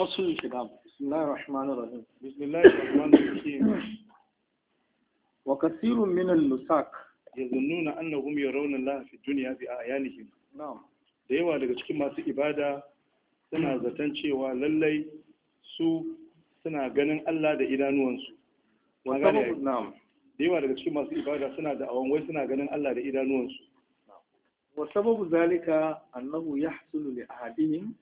فصل الكتاب بسم الله الرحمن الرحيم بسم الله الرحمن الرحيم وكثير من اللساك يظنون أنهم يرون الله da yawa daga cikin masu ibada suna zaton cewa lallai su suna ganin Allah da idanuwansu da yawa daga cikin masu ibada suna da awon wai suna ganin Allah da idanuwansu wa sababu zalika annahu yahsulu li ahadihim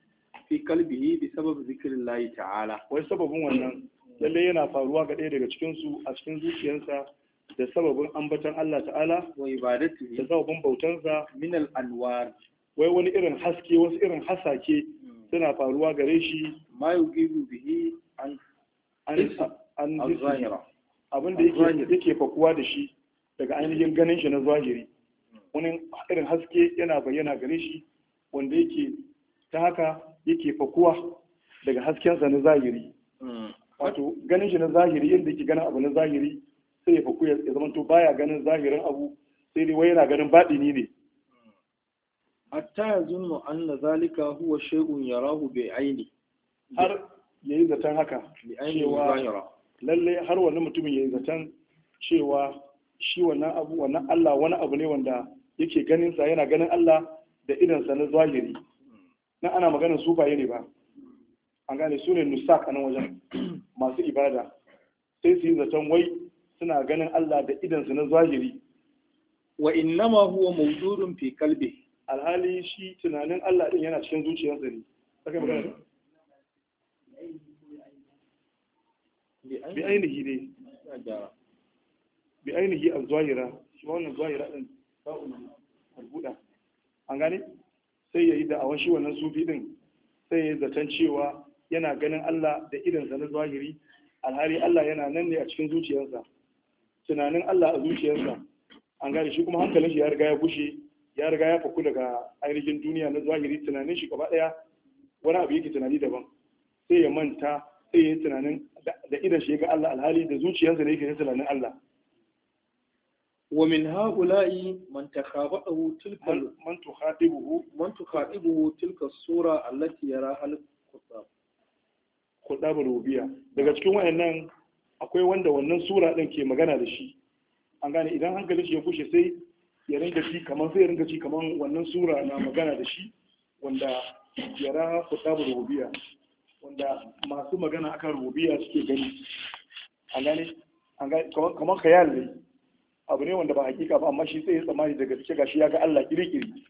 fi kalbihi bi sabab zikrillahi ta'ala wai sababin wannan lalle yana faruwa ga ɗaya daga cikin su a cikin zuciyarsa da sababin ambaton Allah ta'ala wa ibadati da sababin bautansa min al anwar wai wani irin haske wasu irin hasake suna faruwa gare shi ma yugibu bihi an an an zahira abin da yake yake fakuwa da shi daga ainihin ganin shi na zahiri hmm. wani irin haske yana bayyana gare shi wanda yake ta haka yake fakuwa daga hasken sa na zahiri hmm. wato ganin shi na zahiri yadda yake ganin abu na zahiri sai ya fakuwa ya zama to baya ganin zahirin abu sai dai wai yana ganin baɗini ne hatta ya an na zalika huwa shay'un yarahu bi aini har yayi zaton haka cewa lalle har wannan mutumin yayi zaton cewa shi wannan abu wannan Allah wani abu ne wanda yake ganin sa yana ganin Allah da sa na zahiri nan ana magana sufaye ne ba an gane su ne nusak a nan wajen masu ibada sai su yi zaton wai suna ganin Allah da idansu na zahiri wa innama huwa mawjudun fi kalbi alhali shi tunanin Allah din yana cikin zuciyarsa ne saka magana bi ainihi ne bi ainihi al-zahira shi wannan zahira din sa'un al-buda an gane sai ya yi awon shi wannan sufi din sai ya zaton cewa yana ganin Allah da sa na zahiri alhali Allah yana nan ne a cikin zuciyarsa tunanin Allah a zuciyarsa an gane shi kuma hankalin shi ya riga ya bushe ya riga ya fuku daga ainihin duniya na zahiri tunanin shi gaba daya wani abu yake tunani daban sai ya manta sai ya yi tunanin da idan shi ga Allah alhali da zuciyarsa ne yake tunanin Allah wa min من man تلك من تخاطبه من تخاطبه تلك tilka sura يراها الكتاب hal kutab kutabul rububiyya daga cikin wayannan akwai wanda wannan sura din ke magana da shi an gane idan hankalin shi ya kushe sai ya ringa shi kamar sai ya ringa shi kamar wannan sura na magana da shi wanda yara kutabu rubiya, wanda masu magana akan rubiya suke gani an gane an gane kamar khayal ne abu ne wanda ba hakika ba amma shi sai ya tsammani daga gaske gashi ya ga Allah kirkiri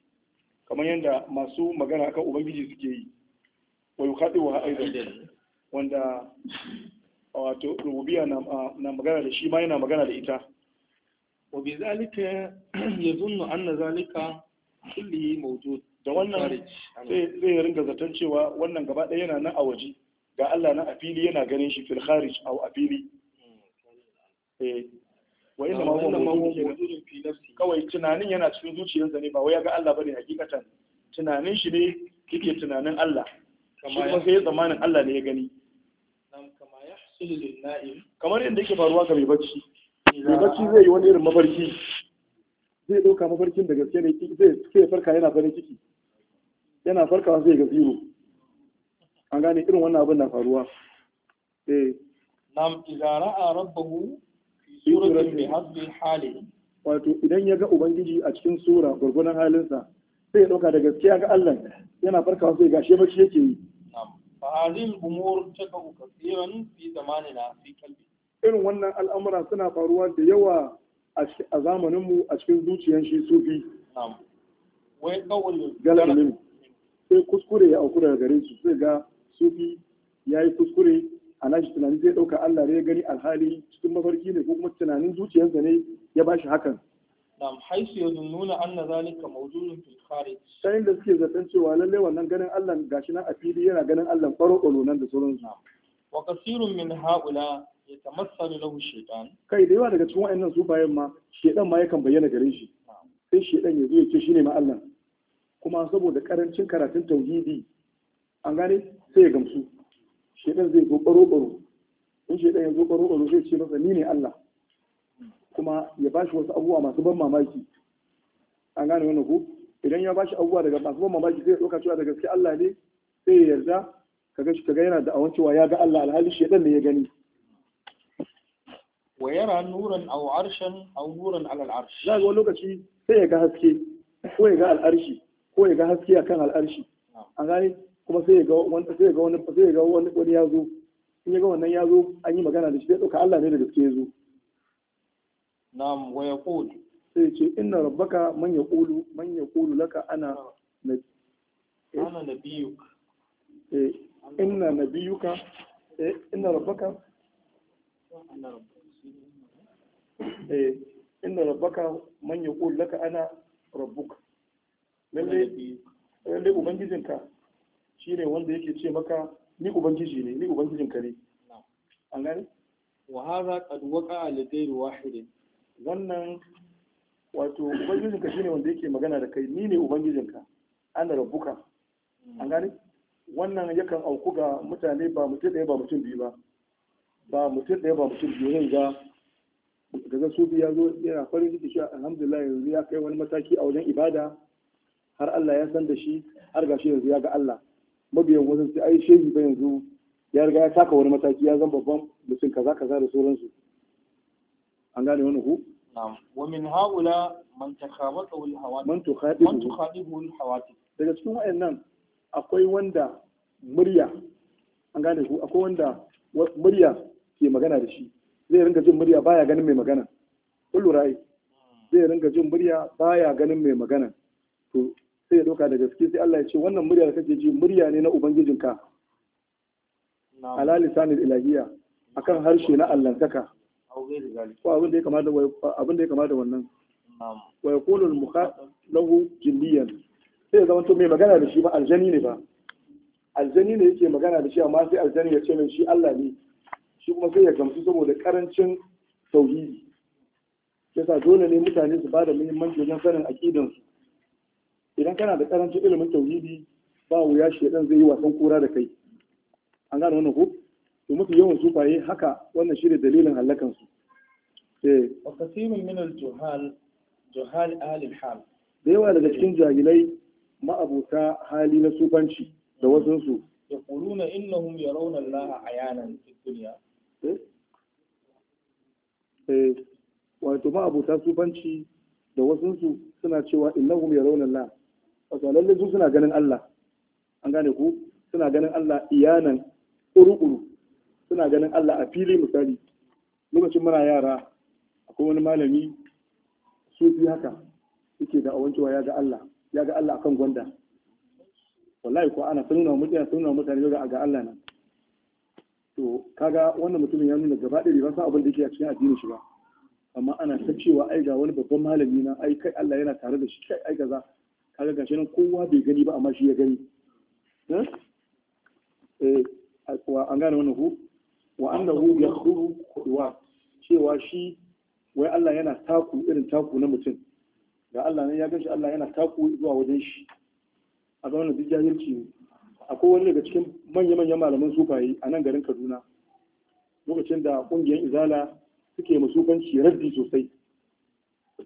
kamar yadda masu magana akan ubangiji suke yi wa yukhadi wa aidan wanda wato rububiya na magana da shi ma yana magana da ita wa bi zalika yazunnu anna zalika kulli mawjud da wannan sai zai ringa zaton cewa wannan gaba ɗaya yana nan a waje ga Allah na a fili yana ganin shi fil kharij aw a fili hmm, wa inna ma huwa fi nafsi kawai tunanin yana cikin zuciyarsa ne ba wai ya ga Allah bane hakikatan tunanin shi ne yake tunanin Allah kamar kuma sai zamanin Allah ne ya gani kamar yadda yake faruwa ga mai bacci mai bacci zai yi wani irin mafarki zai ɗauka mafarkin da gaske ne zai sai farka yana farin ciki yana farka zai ga zero an gane irin wannan abin na faruwa eh nam idza ra'a rabbahu wato idan ya ga ubangiji a cikin sura gurgunan halinsa sai ya ɗauka da gaskiya ga Allah yana farkawa sai gashe bacci yake yi fa hadhihi al-umur taqu kathiran fi zamanina fi qalbi irin wannan al'amura suna faruwa da yawa a zamaninmu a cikin zuciyan shi sufi galar sai kuskure ya auku daga gare su sai ga sufi ya yi kuskure a nashi tunani zai ɗauka Allah ne ya gani alhali cikin mafarki ne ko kuma tunanin zuciyarsa ne ya bashi hakan nam haisu yazunnuna anna zalika mawjudun fil kharij ta suke zaton cewa lallai wannan ganin Allah gashi nan a fili yana ganin Allah faro ƙolo nan da sauransu wa kasirun min haula yatamassalu lahu shaytan kai da yawa daga cikin wayannan su bayan ma shaytan ma yakan bayyana gare shi sai shaytan ya zo ya ce shi ma Allah kuma saboda karancin karatun tauhidi an gane sai ya gamsu shedan zai zo baro baro in shedan ya zo baro baro zai ce masa ni ne Allah kuma ya bashi wasu abubuwa masu ban mamaki an gane wannan ko idan ya bashi abubuwa daga masu ban mamaki zai dauka cewa da gaske Allah ne sai ya yarda kaga shi kaga yana da awan cewa ya ga Allah alhali shedan ne ya gani wa yara nuran aw arshan aw nuran ala al-arsh zai wani lokaci sai ya ga haske ko ya ga al'arshi ko ya ga haske akan al'arshi an gane kuma sai ya ga wani sai ga wani sai ga wani wani ya zo in ya ga wannan ya zo an yi magana da shi sai dauka Allah ne da gaske ya zo na'am wa yaqul sai ce inna rabbaka man yaqulu man yaqulu laka ana eh. ana nabiyuk eh inna nabiyuka eh inna rabbaka eh inna rabbaka man yaqulu laka ana rabbuka lalle lalle ubangijinka shine wanda yake ce maka ni ubangiji ne ni ubangijin ka ne an gani wa hadha qad waqa'a li ghayri wahidin wannan wato ubangijin ka shine wanda yake magana da kai ni ne ubangijin ka ana rabbuka an gani wannan yakan auku ga mutane ba mutum ɗaya ba mutum biyu ba ba mutum ɗaya ba mutum biyu ne ga daga su biya zo yana farin ciki shi alhamdulillah yanzu ya kai wani mataki a wajen ibada har Allah ya san da shi har gashi yanzu ya ga Allah mabiyan wasu sai ai shehi ba yanzu ya riga ya saka wani mataki ya zan babban mutum kaza kaza da sauransu an gane wani ku ومن هؤلاء من تخابطه الهواتف من تخاطبه من تخاطبه daga cikin wayannan akwai wanda murya an gane ku akwai wanda murya ke magana da shi zai ringa jin murya baya ganin mai magana kullu rai hmm. zai ringa jin murya baya ganin mai magana to sai ya doka da gaske sai Allah ya ce wannan murya da kake ji murya ne na ubangijinka sanin ilahiya a akan harshe na allantaka ko abin da ya kamata wannan wa ya al mukhatab lahu jinniyan sai ya zama to mai magana da shi ba aljani ne ba aljani ne yake magana da shi amma sai aljani ya ce mai shi Allah ne shi kuma sai ya gamsu saboda karancin tauhidi yasa dole ne mutane su ba da muhimmanci wajen sanin aƙidansu. idan kana da karancin ilimin tauhidi ba wuya shi shedan zai yi wasan kura da kai an gane wannan ko to mafi yawan sufaye haka wannan shi ne dalilin hallakan su eh wa kasimin min al-juhal juhal ahli al-hal da yawa daga cikin jahilai ma'abuta hali na sufanci da wasu su yaquluna innahum yarawna Allah ayanan fi dunya eh, eh. wato ma'abuta sufanci da wasu su suna cewa innahum yarawna Allah wato lalle su suna ganin Allah an gane ku suna ganin Allah iyanan uru-uru suna ganin Allah a fili misali lokacin muna yara akwai wani malami fi haka yake da awancewa ya ga Allah ya ga Allah akan gwanda wallahi ko ana sunna mutane sunna mutane ga ga Allah nan to kaga wannan mutumin ya nuna gaba ɗaya ba sa abin da yake a cikin addinin shi ba amma ana ta cewa ai ga wani babban malami na ai kai Allah yana tare da shi kai ai kaza kaga gashi nan kowa bai gani ba amma shi ya gani eh? Eh, wa an gane wannan ku wa annahu yakhuru khudwa cewa shi wai Allah yana taku irin taku na mutum ga Allah ne ya shi Allah yana taku zuwa wajen shi a ga wannan duk ne akwai wani daga cikin manya-manyan malaman sufayi a nan garin Kaduna lokacin da kungiyar izala suke masufanci raddi sosai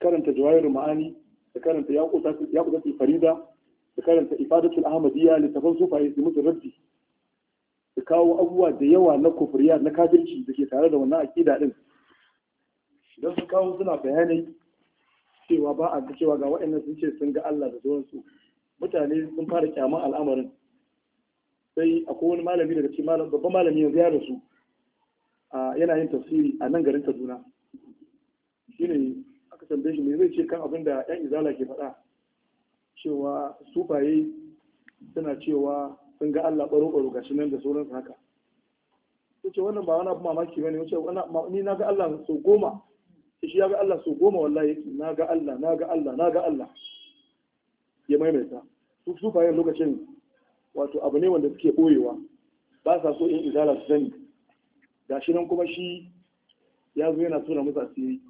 karanta jawairu ma'ani da karanta ya farida da karanta ifadatul ahmadiyya littafin sufaye su musu rabbi da kawo abubuwa da yawa na kofuriya na kafirci da ke tare da wannan aƙida din don su kawo suna bayanai cewa ba a ga cewa ga waɗannan sun ce sun ga Allah da sauransu mutane sun fara kyaman al'amarin sai akwai wani malami daga cikin malam babban malami yanzu ya rasu yana yin tafsiri a nan garin Kaduna shine tambaye shi me zai ce kan abin da yan izala ke faɗa cewa sufaye suna cewa sun ga Allah baro baro gashi nan da sauran haka ce wannan ba wani abu mamaki bane yace ni na ga Allah so goma shi ya ga Allah so goma wallahi yake na ga Allah na ga Allah na ga Allah ya maimaita su sufaye lokacin wato abu ne wanda suke boyewa ba sa so in izala su sani gashi nan kuma shi ya zo yana tura musu asiri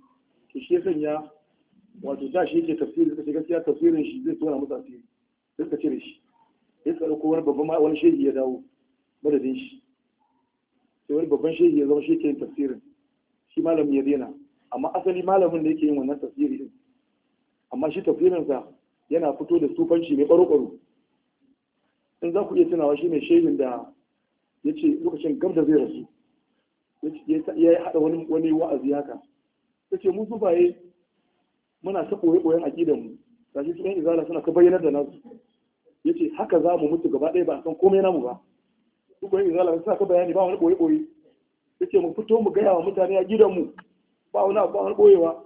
to shi ya sanya wato da shi yake tafsiri suka ce gaskiya tafsirin shi zai tona musu asiri sai suka cire shi sai suka ɗauko wani babban wani shehi ya dawo madadin shi sai wani babban shehi ya zama shi yake yin tafsirin shi malamin ya daina amma asali malamin da yake yin wannan tafsiri din amma shi tafsirinsa yana fito da sufanci mai ɓaro-ɓaro in za ku iya tunawa shi ne shehin da ya ce lokacin gab da zai rasu ya yi haɗa wani wa'azi haka ta ce mu zubaye muna ta ɓoye gidan mu. gashi su ɗan izala suna ka bayyanar da nasu ya ce haka za mu mutu gaba ɗaya ba a san komai namu ba su koyi izala suna ta bayani ba wani ɓoye-ɓoye ya ce mu fito mu gaya wa mutane a mu ba wani abu ba wani ɓoyewa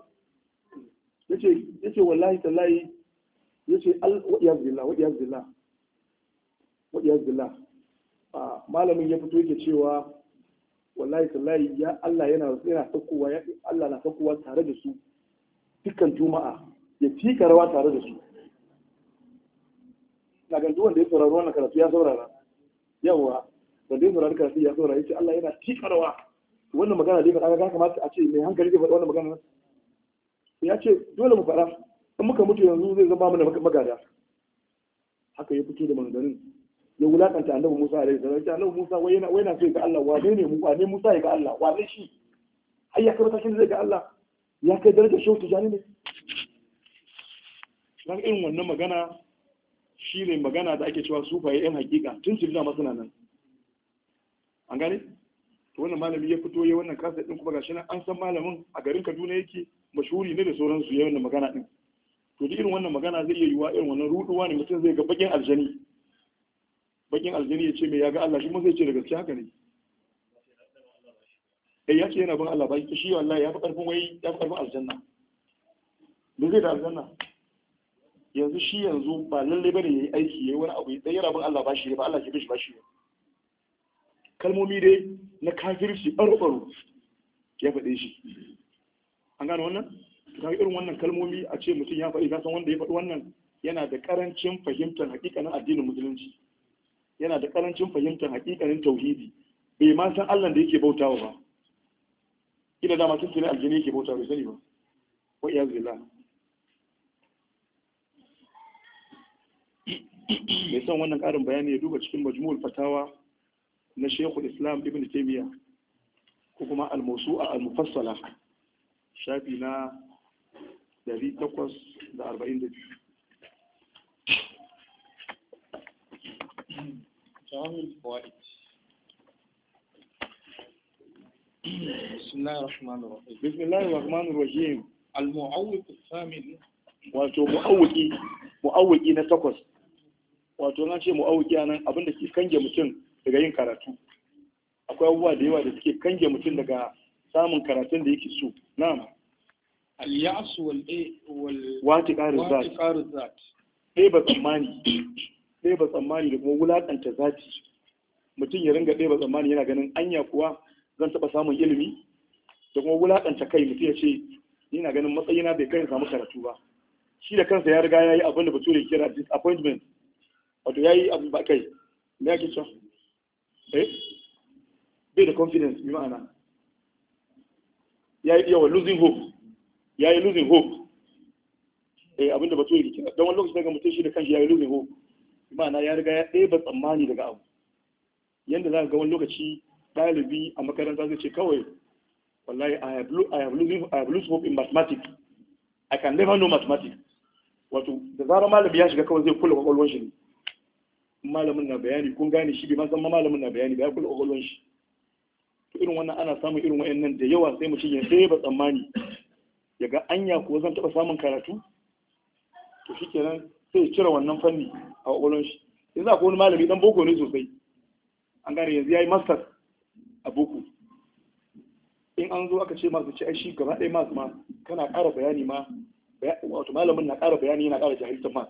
ya ce wallahi tallahi ya ce waɗiyar zilla waɗiyar zilla waɗiyar zilla ah, malamin ya fito yake cewa wallahi tallahi ya Allah yana yana sakowa ya Allah na sakowa tare da su dukkan juma'a ya tika rawa tare da su na ga wanda ya sauraro wannan karatu ya saurara yawa da dai sauraro karatu ya saurara yace Allah yana tika rawa wannan magana dai kaga ga kamata a ce mai hankali zai faɗi wannan magana ya ce dole mu fara in muka mutu yanzu zai zama mana magada haka ya fito da manganin ya wulakanta annabi Musa alaihi salam ya annabi Musa wai yana wai yana sai ga Allah wa ne mu ne Musa ya ga Allah Wa ne shi ai ya kai tashin zai ga Allah ya kai darajar shehu jani ne dan irin wannan magana shi ne magana da ake cewa sufaye yan hakika tun su dama suna nan an gane to wannan malami ya fito ya wannan kasa din kuma gashi nan an san malamin a garin Kaduna yake mashhuri ne da sauransu ya wannan magana din to duk irin wannan magana zai iya yiwa irin wannan ruduwa ne mutum zai ga bakin aljani bakin aljini ya ce mai ya ga Allah shi mun zai ce da gaske haka ne eh ya ce yana bin Allah ba shi wallahi ya fi karfin wai ya fi karfin aljanna da zai da aljanna yanzu shi yanzu ba lalle bane yayi aiki yayi wani abu dan yana bin Allah ba shi ba Allah ke bishi ba shi kalmomi dai na kafirci barbaro ya faɗe shi an gane wannan yi irin wannan kalmomi a ce mutum ya faɗi ka san wanda ya faɗi wannan yana da karancin fahimtar hakikanin addinin musulunci yana da karancin fahimtar hakikanin tauhidi bai ma san Allah da yake bautawa ba Ina dama tun tuni aljini yake bautawa bai ba wa iyaz billah mai son wannan karin bayani ya duba cikin majmu'ul fatawa na Sheikhul Islam Ibn Taymiyyah ko kuma al-mawsu'a al-mufassala shafi na 842 جوامع الفوائد بسم الله الرحمن الرحيم بسم الله الرحمن الرحيم المعوق الثامن wato mu'awwiki na takwas wato na ce mu'awwiki a nan abinda ke kange mutum daga yin karatu akwai abubuwa da yawa da suke kange mutum daga samun karatun da yake so na'am al-ya'su wal wati zat ɗaya ba tsammani ɗeba tsammani da kuma wulaƙanta zafi mutum ya ringa ɗeba tsammani yana ganin anya kuwa zan taɓa samun ilimi da kuma wulaƙanta kai mutum ya ce yana ganin matsayina bai kai samu karatu ba shi da kansa ya riga ya yi abin da bature kira disappointment wato ya yi abin ba kai me yake cewa eh bai da confidence bi ma'ana ya yi yawa losing hope ya yi losing hope eh abin da bature kira don wani lokaci daga mutum shi da kanshi ya yi losing hope ma'ana ya riga ya ɗeba tsammani daga abu yadda za ka ga wani lokaci ɗalibi a makaranta zai ce kawai wallahi I have, I lose hope in mathematics I can never know mathematics wato da zarar malami ya shiga kawai zai kula kwakwalwar shi ne malamin na bayani kun gane shi bai ma san malamin na bayani ba ya kula kwakwalwar shi to irin wannan ana samun irin wayannan da yawa sai mutum ya ba tsammani ya ga anya ko zan taɓa samun karatu to shikenan sai ya cire wannan fanni a ƙwaƙwalon shi za ku wani malami dan boko ne sosai an gane yanzu ya yi masters a boko in an zo aka ce masu ci shi gaba ɗaya masu ma kana ƙara bayani ma wato malamin na ƙara bayani yana ƙara jahilta ma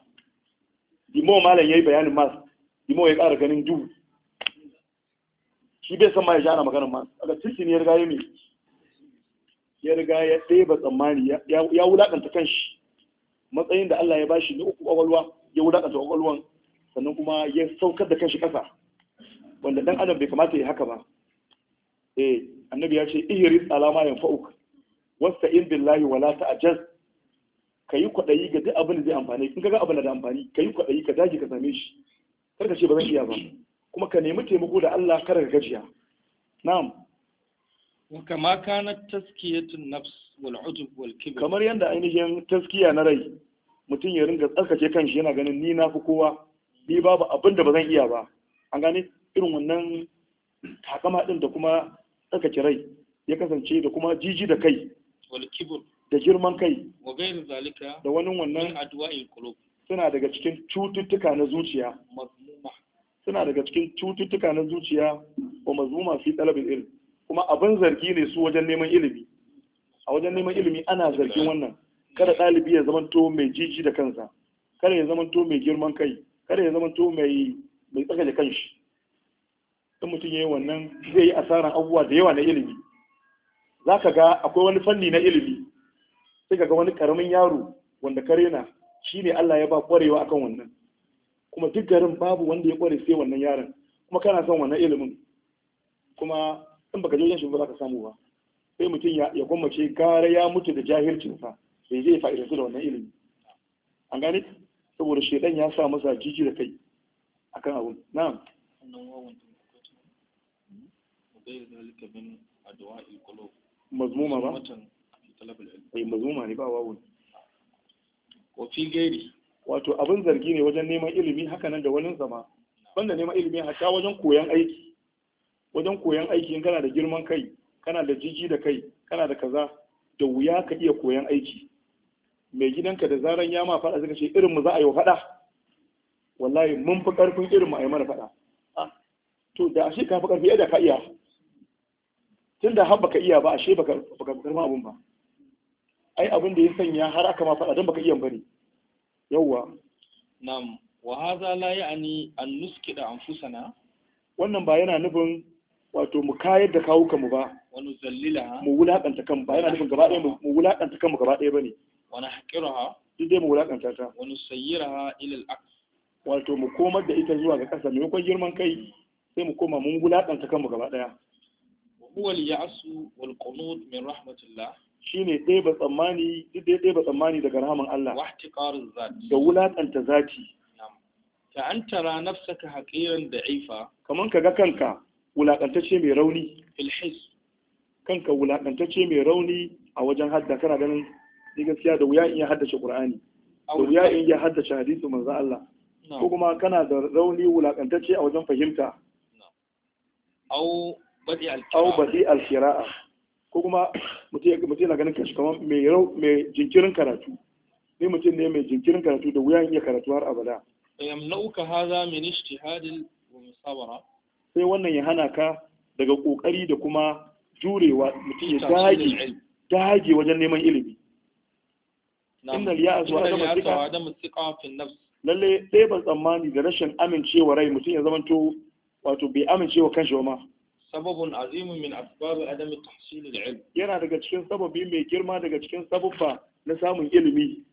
dimo malam ya yi bayanin mas dimo ya ƙara ganin dubu shi bai san ma ya jana maganin ma aka cikin ne ya riga ya mai ya riga ya ɗaya ba tsammani ya wulaƙanta kanshi matsayin da Allah ya bashi na uku kwakwalwa ya ta kwakwalwan sannan kuma ya saukar da kanshi kasa wanda dan adam bai kamata ya haka ba eh annabi ya ce ihris alama yanfa'uk wasta'in billahi wala ta'jaz kayi kwadayi ga duk abin da zai amfani in kaga abin da amfani kayi kwadayi ka dage ka same shi kar ka ce ba zan iya ba kuma ka nemi taimako da Allah kar ka gajiya na'am wa kama kanat taskiyatun nafs wal ujub wal kibr kamar yanda ainihin taskiya na rai mutum ya ringa tsarkake kanshi yana ganin ni na fi kowa ni babu abin da ba zan iya ba an gane irin wannan takama din da kuma tsarkake rai ya kasance da kuma jiji da kai da girman kai da wani wannan suna daga cikin cututtuka na zuciya suna daga cikin cututtuka na zuciya wa mazmuma fi talabin ilm kuma abin zargi ne su wajen neman ilimi a wajen neman ilimi ana zargin wannan kada ɗalibi ya zamanto mai jiji da kansa kada ya zamanto mai girman kai kada ya zamanto mai mai tsaka da kanshi in mutum ya yi wannan zai yi asaran abubuwa da yawa na ilimi za ka ga akwai wani fanni na ilimi sai ka ga wani karamin yaro wanda kare na shi Allah ya ba kwarewa akan wannan kuma duk garin babu wanda ya kware sai wannan yaron kuma kana son wannan ilimin kuma in baka je yin shi ba za ka samu ba sai mutum ya gwammace gara ya mutu da jahilcinsa bai zai fa'idantu da wannan ilimi an gane saboda shedan ya sa masa jiji da kai akan abun na'am mazmuma ba ai eh, mazmuma ne ba wawun wa gairi wato abin zargi ne wajen neman ilimi hakanan da wani zama banda neman ilimi hatta wajen koyan aiki wajen koyan aiki in kana da girman kai kana da jiji da kai kana da kaza da wuya ka iya koyan aiki mai gidanka da zaran ya ma faɗa suka ce irin mu za a yi wa faɗa wallahi mun fi ƙarfin irin mu a yi mana faɗa to da ashe ka fi ƙarfi yadda ka iya tun da har baka iya ba ashe baka fi karma abun ba ai abin da ya sanya har aka ma faɗa don baka iya bane yawwa na'am wa hadha la ya'ni an nuskida anfusana wannan ba yana nufin wato mu kayar da kawuka mu ba wani zallila mu wulakanta kan ba yana nufin gaba ɗaya mu wulakanta kan mu gaba ɗaya bane wani haƙiraha duk dai mu wulaƙanta ta wani sayyiraha ilil ak wato mu komar da ita zuwa ga ƙasa maimakon girman kai sai mu koma mun wulaƙanta kanmu gaba ɗaya huwa al-ya'su wal qunut min rahmatillah shine ɗeba tsammani duk dai ɗeba tsammani daga rahaman Allah wa ihtiqaruz zati da wulaƙanta zati ka an tara nafsaka haƙiran da aifa kaman ka ga kanka wulaƙantacce mai rauni ilhis kanka wulaƙantacce mai rauni a wajen hadda kana ganin ni gaskiya da wuya in ya haddace Qur'ani da wuya in ya haddace hadisi manzo Allah ko kuma kana da rauni wulakantacce a wajen fahimta au badi al-qira'a ko kuma mutum yana ganin kashi kamar mai jinkirin karatu Ni mutum ne mai jinkirin karatu da wuya in ya karatu har abada yamnauka hadha min ijtihadin wa musawara sai wannan ya hana ka daga kokari da kuma jurewa mutum ya dage dage wajen neman ilimi inna liya zuwa da mutsika lalle sai ban tsammani da rashin amincewa rai mutum ya zamanto wato bai amincewa kanshi ba ma sababun azimun min asbab adam tahsil al-ilm yana daga cikin sababi mai girma daga cikin sababba na samun ilimi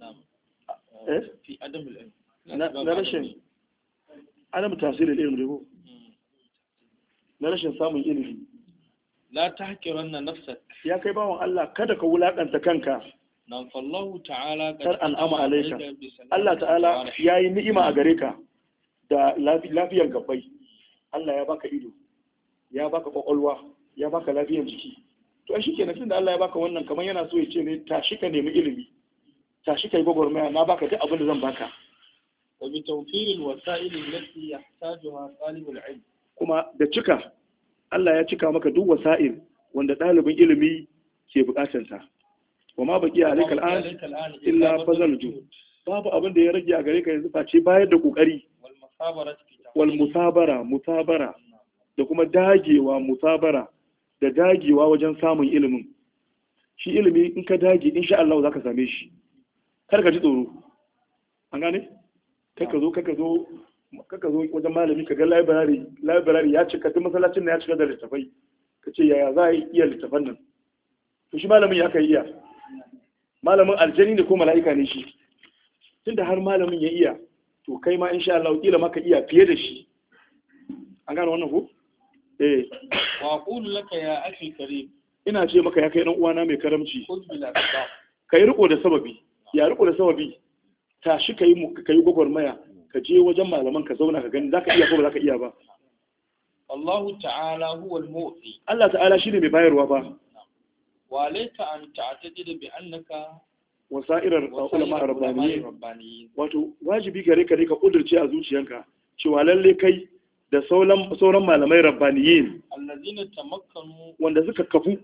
eh? Eh, fi adam al-ilm na rashin adam tahsil al-ilm ne hmm. na rashin samun ilimi la tahqiranna nafsak ya kai bawon Allah kada ka wulakanta kanka nan fallahu ta'ala kar alaika Allah ta'ala yi ni'ima a gare ka da lafiyar gabbai Allah ya baka ido ya baka kwakwalwa ya baka lafiyar jiki to shi nufin da Allah ya baka wannan kamar yana so ya ce ne tashi ka nemi ilimi tashi yi gwagwarmaya na baka duk abin da zan baka wa bi tawfirin wasa'ilin lati yahtajuha talibul ilm kuma da cika Allah ya cika maka duk wasa'il wanda ɗalibin ilimi ke buƙatar ta wa ma baki alayka al'an illa fazal ju babu abin da ya rage a gare ka yanzu ba ce bayar da kokari wal musabara musabara da kuma dagewa musabara da dagewa wajen samun ilimin shi ilimi in ka dage in sha Allah za ka same shi kar ka ji tsoro an gane kaka zo kaka zo kaka zo wajen malami ka ga library library ya cika duk masallacin na ya cika da littafai ka ce yaya za a yi littafan nan to shi malamin ya kai iya malamin aljani ne ko mala'ika ne shi tunda har malamin ya iya to kai ma insha Allah kila maka iya fiye da shi an gane wannan ko eh wa aqulu laka ya akhi karim ina ce maka ya kai dan uwana mai karamci kai riko da sababi ya riko da sababi tashi kai mu kai gwagwarmaya ka je wajen malaman ka zauna ka gani zaka iya ko ba zaka iya ba Allah ta'ala huwa al-mu'ti Allah ta'ala shine mai bayarwa ba walaita an ta'tadida bi annaka wasairar ulama rabbaniyin wato wajibi gare ka ne ka kudurce a zuciyanka cewa lalle kai da sauran malamai rabbaniyin allazina tamakkanu wanda suka kafu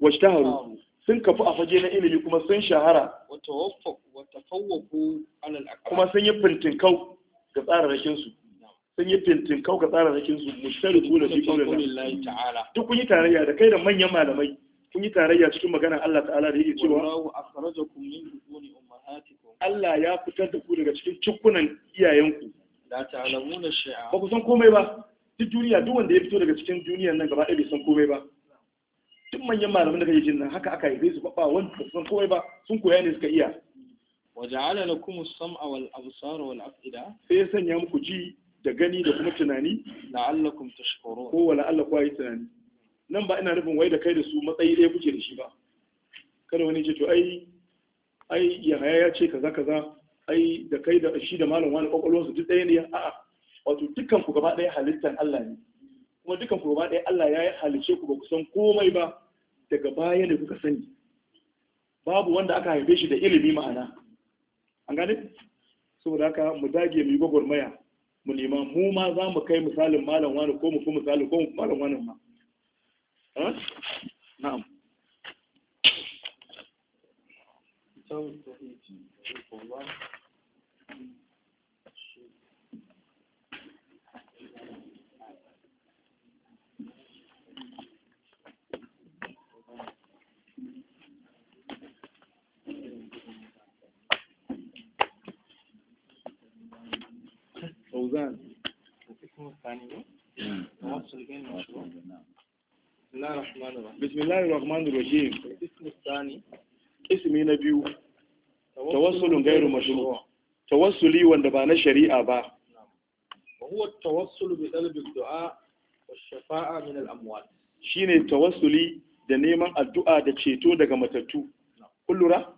wajtaharu sun kafu a fage na ilimi kuma sun shahara kuma sun yi fintinkau ga tsararrakinsu sun yi fintinkau ga tsararrakinsu mushtari kula fi kaulata duk kun yi tarayya da kai da manyan malamai kun yi tarayya cikin magana Allah ta'ala da yake cewa Allah ya fitar da ku daga cikin cikunan iyayenku la ta'lamuna shay'a ba ku san komai ba duk duniya duk wanda ya fito daga cikin duniyar nan gaba ɗaya bai san komai ba duk manyan malaman da kake jin nan haka aka yi su ba wanda ba san komai ba sun koya ne suka iya ja'ala lakum as-sam'a wal absara wal af'ida sai ya sanya muku ji da gani da kuma tunani la'allakum tashkurun ko la'allakum ayi tunani nan ba ina nufin wai da kai da su matsayi ɗaya kuke da shi ba kada wani ce to ai ai yahaya ya ce kaza kaza ai da kai da shi da malam wani su duk ɗaya ne a'a wato dukkan ku gaba ɗaya halittar Allah ne kuma dukkan ku gaba ɗaya Allah ya halice ku ba ku san komai ba daga baya ne kuka sani babu wanda aka haife shi da ilimi ma'ana an gane saboda haka mu dage mu yi gwagwarmaya mu nema mu ma za mu kai misalin malam wani ko mu fi misalin ko mu fi malam wani ma ها نعم كتاب التوحيد الله فوزان الاسم الثاني bismillahir rahmanir rahim ismi na biyu tawassulun gairu mashru tawassuli wanda ba na shari'a ba huwa tawassul bi dalbi du'a shine da neman addu'a da ceto daga matattu kullura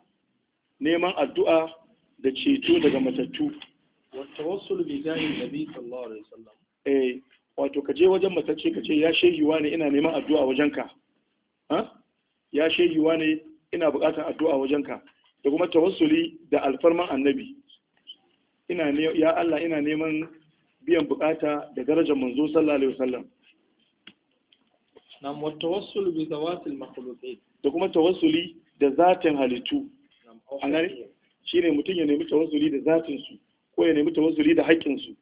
neman addu'a da ceto daga matattu wa tawassul bi nabi sallallahu alaihi wasallam eh wato ka je wajen matacce ka ce ya shehiwa ne ina neman addu'a wajenka ya shehiwa ne ina buƙatar addu'a wajenka da kuma tawassuli da alfarman annabi ina ne ya Allah ina neman biyan bukata da darajar manzo sallallahu alaihi wasallam nam wa tawassul bi zawatil makhluqin da kuma tawassuli da zatin halittu anan shine mutum ya nemi tawassuli da zatin su ko ya nemi tawassuli da haƙƙin su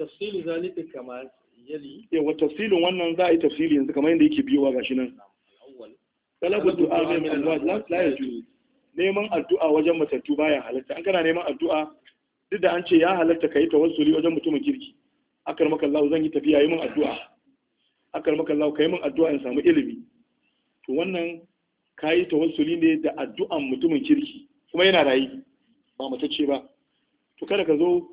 وتفصيل ذلك كما يلي وتفصيل wannan za a yi tafsiri yanzu kamar yadda yake biyo biyowa gashi nan talabu du'a min al-wajib la neman addu'a wajen matattu baya halatta an kana neman addu'a duk da an ce ya halatta kai tawassuli wajen mutumin kirki akar maka Allah zan yi tafiya yi min addu'a akar maka Allah kai min addu'a in samu ilimi to wannan ta tawassuli ne da addu'an mutumin kirki kuma yana rayi ba matacce ba to kada ka zo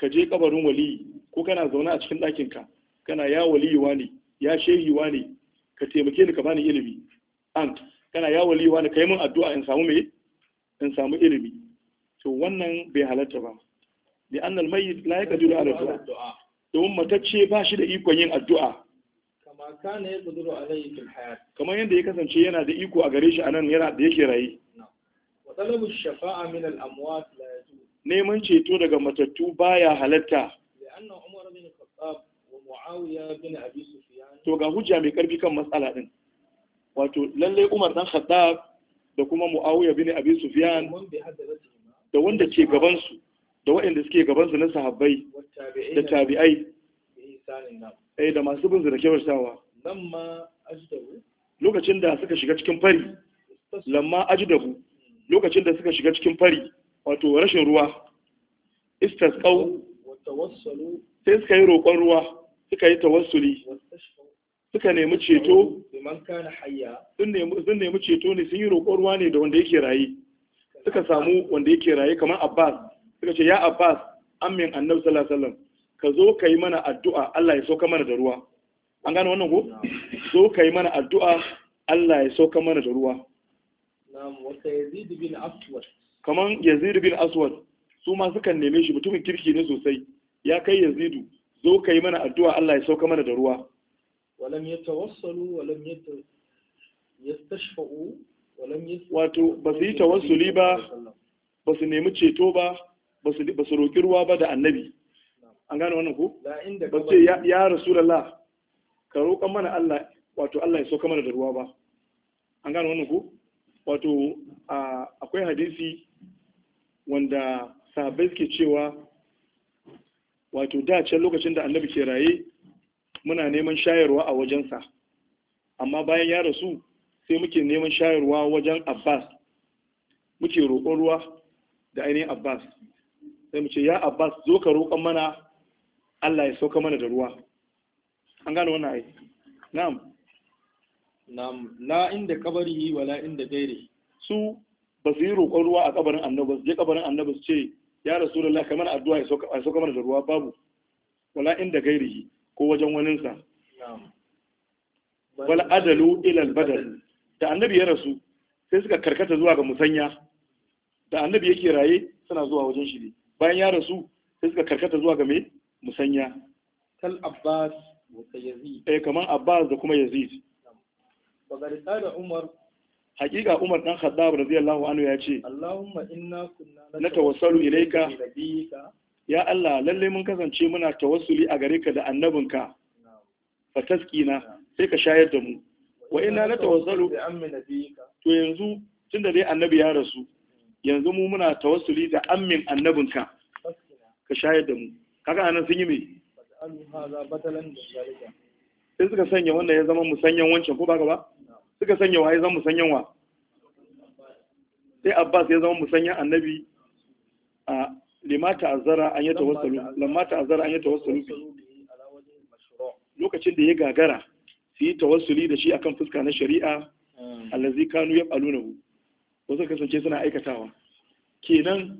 ka je kabarin waliyi ko kana zaune a cikin ɗakinka kana ya waliyuwa ne ya shehiwa ne ka taimake ni ka bani ilimi an kana ya waliyuwa ne ka yi min addu'a in samu me in samu ilimi to wannan bai halatta ba bi annal mai la ya ala du'a domin matacce ba shi da ikon yin addu'a kamar yadda ya kasance yana da iko a gare shi anan yana da yake raye wa talabu shafa'a min al amwat la neman ceto daga matattu baya halatta to ga hujja mai karfi kan matsala din wato lallai Umar dan Khattab da kuma Muawiya bin Abi Sufyan da wanda ke gaban su da waɗanda suke gaban su na sahabbai da tabi'ai eh da masu bin su da kyautatawa lokacin da suka shiga cikin fari lamma ajdabu lokacin da suka shiga cikin fari wato rashin ruwa istasqau sai suka yi roƙon ruwa suka yi tawassuli suka nemi ceto sun nemi ceto ne sun yi roƙon ruwa ne da wanda yake raye suka samu wanda yake raye kamar Abbas suka ce ya Abbas amin annabi sallallahu alaihi wasallam ka zo ka yi mana addu'a Allah ya sauka mana da ruwa an gane wannan ko zo ka yi mana addu'a Allah ya sauka mana da ruwa na'am wa sayyid bin Kaman yazid bin aswad su ma sukan neme shi mutumin kirki ne sosai ya kai yazidu zo ka yi mana addu'a Allah ya sauka mana da ruwa walam yatawassalu walam yastashfa'u walam wato ba su yi tawassuli ba ba su nemi ceto ba ba su roƙi ruwa ba da annabi an gane wannan ku ba ce ya rasulullah ka roƙan mana Allah wato Allah ya sauka mana da ruwa ba an gane wannan ku wato akwai hadisi wanda sahabbai suke cewa wato da lokacin da annabi ke raye muna neman shayarwa a wajensa amma bayan ya rasu sai muke neman shayarwa wajen abbas muke roƙon ruwa da ainihin abbas sai muke ya abbas zo ka roƙon mana allah ya sauka mana da ruwa an gano wannan ai na'am na'am inda kabari wala inda gairi su ba su yi roƙon ruwa a kabarin annabi su je kabarin annabi su ce ya rasulullah kamar addu'a ya sauka mana da ruwa babu wala inda gairi ko wajen sa wala adalu ila albadal da annabi ya rasu sai suka karkata zuwa ga musanya da annabi yake raye suna zuwa wajen shi bayan ya rasu sai suka karkata zuwa ga me musanya kal abbas wa yazid eh kamar abbas da kuma yazid wa garisa umar hakika Umar dan Khaddab radiyallahu anhu ya ce Allahumma inna kunna natawassalu ilayka ya Allah lalle mun kasance muna tawassuli a gare ka da annabinka fa taskina sai ka shayar da mu wa inna natawassalu bi ammi nabiyika to yanzu tunda dai annabi ya rasu yanzu mu muna tawassuli da ammin annabinka ka shayar da mu kaga anan sun yi me sai suka sanya wannan ya zama musanyan wancan ko ba ka ba suka sanya wa zan mu sanya wa sai abbas ya zama sanya annabi a a zara an yi tawassalu lamma an yi tawassalu lokacin da ya gagara su yi tawassuli da shi akan fuska na shari'a allazi kanu yaf'alunahu wasu kasance suna aikatawa kenan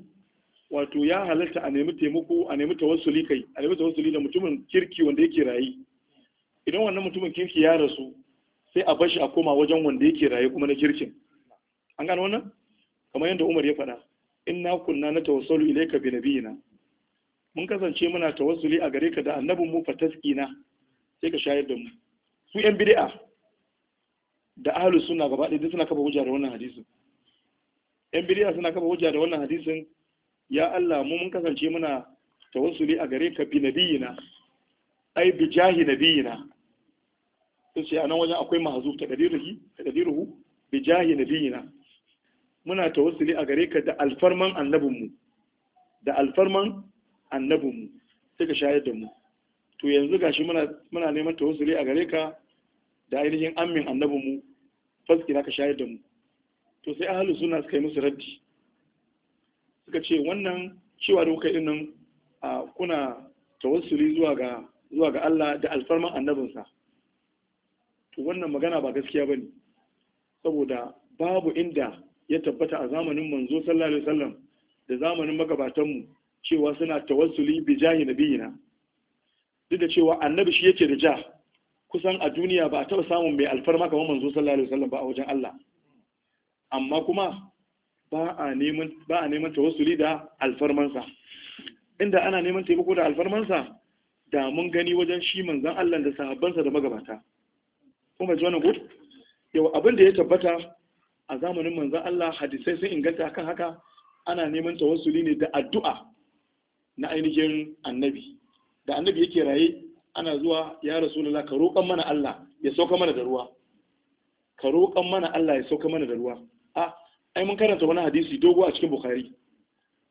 wato ya halarta a nemi taimako a nemi tawassuli kai a nemi tawassuli da mutumin kirki wanda yake rayi idan wannan mutumin kirki ya rasu sai a bashi a koma wajen wanda yake raye kuma na kirkin an gano wannan kamar yadda Umar ya faɗa inna kunna natawassalu ilayka bi nabiyina mun kasance muna tawassuli a gare ka da annabin mu fataskina sai ka shayar da mu su yan bid'a da ahlu sunna gaba ɗaya suna kafa hujja da wannan hadisin yan bid'a suna kafa hujja da wannan hadisin ya Allah mu mun kasance muna tawassuli a gare ka bi nabiyina ai bi jahi nabiyina sai ce a nan wajen akwai mahazuf ta kadiruhu bi jahi nabiyina muna tawassuli a gare ka da alfarman annabinmu da alfarman annabinmu sai ka shayar da mu to yanzu gashi muna muna neman tawassuli a gare ka da ainihin ammin annabinmu faski ka shayar da mu to sai ahlus sunna suka yi musu raddi suka ce wannan cewa da kuka yi dinnan kuna tawassuli zuwa ga zuwa ga Allah da alfarman annabinsa to wannan magana ba gaskiya ba ne, saboda babu inda ya tabbata a zamanin manzo sallallahu alaihi wasallam da zamanin magabatanmu cewa suna tawassuli bi jahi nabiyina duk da cewa annabi shi yake da ja kusan a duniya ba a taɓa samun mai alfarma kamar manzo sallallahu alaihi wasallam ba a wajen Allah amma kuma ba a neman ba a neman tawassuli da alfarmansa inda ana neman taimako da alfarmansa da mun gani wajen shi manzon Allah da sahabbansa da magabata kuma ji wannan ko yau abin da ya tabbata a zamanin manzan Allah hadisai sun inganta kan haka ana neman tawassuli ne da addu'a na ainihin annabi da annabi yake raye ana zuwa ya rasulullah ka roƙon mana Allah ya sauka mana da ruwa ka roƙan mana Allah ya sauka mana da ruwa a ai mun karanta wani hadisi dogo a cikin bukhari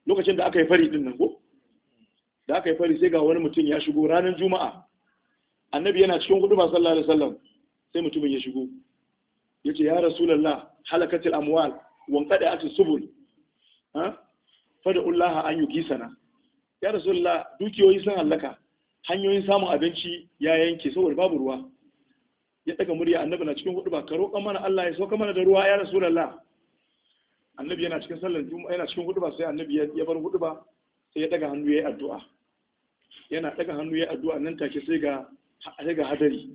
lokacin da aka yi fari din nan ko da aka yi fari sai ga wani mutum ya shigo ranar juma'a annabi yana cikin hudu ba sallallahu alaihi wasallam sai mutumin ya shigo ya ce ya rasulallah halakatil amwal ya ake subul fada ullaha an yi gisana ya rasulallah dukiyoyi sun hallaka hanyoyin samun abinci ya yanke saboda babu ruwa ya daga murya annabi na cikin hudu ba ka roƙa mana Allah ya sauka mana da ruwa ya rasulallah annabi yana cikin sallar juma'a yana cikin hudu ba sai annabi ya bar hudu ba sai ya daga hannu ya yi addu'a yana daga hannu ya yi addu'a nan take sai ga sai ga hadari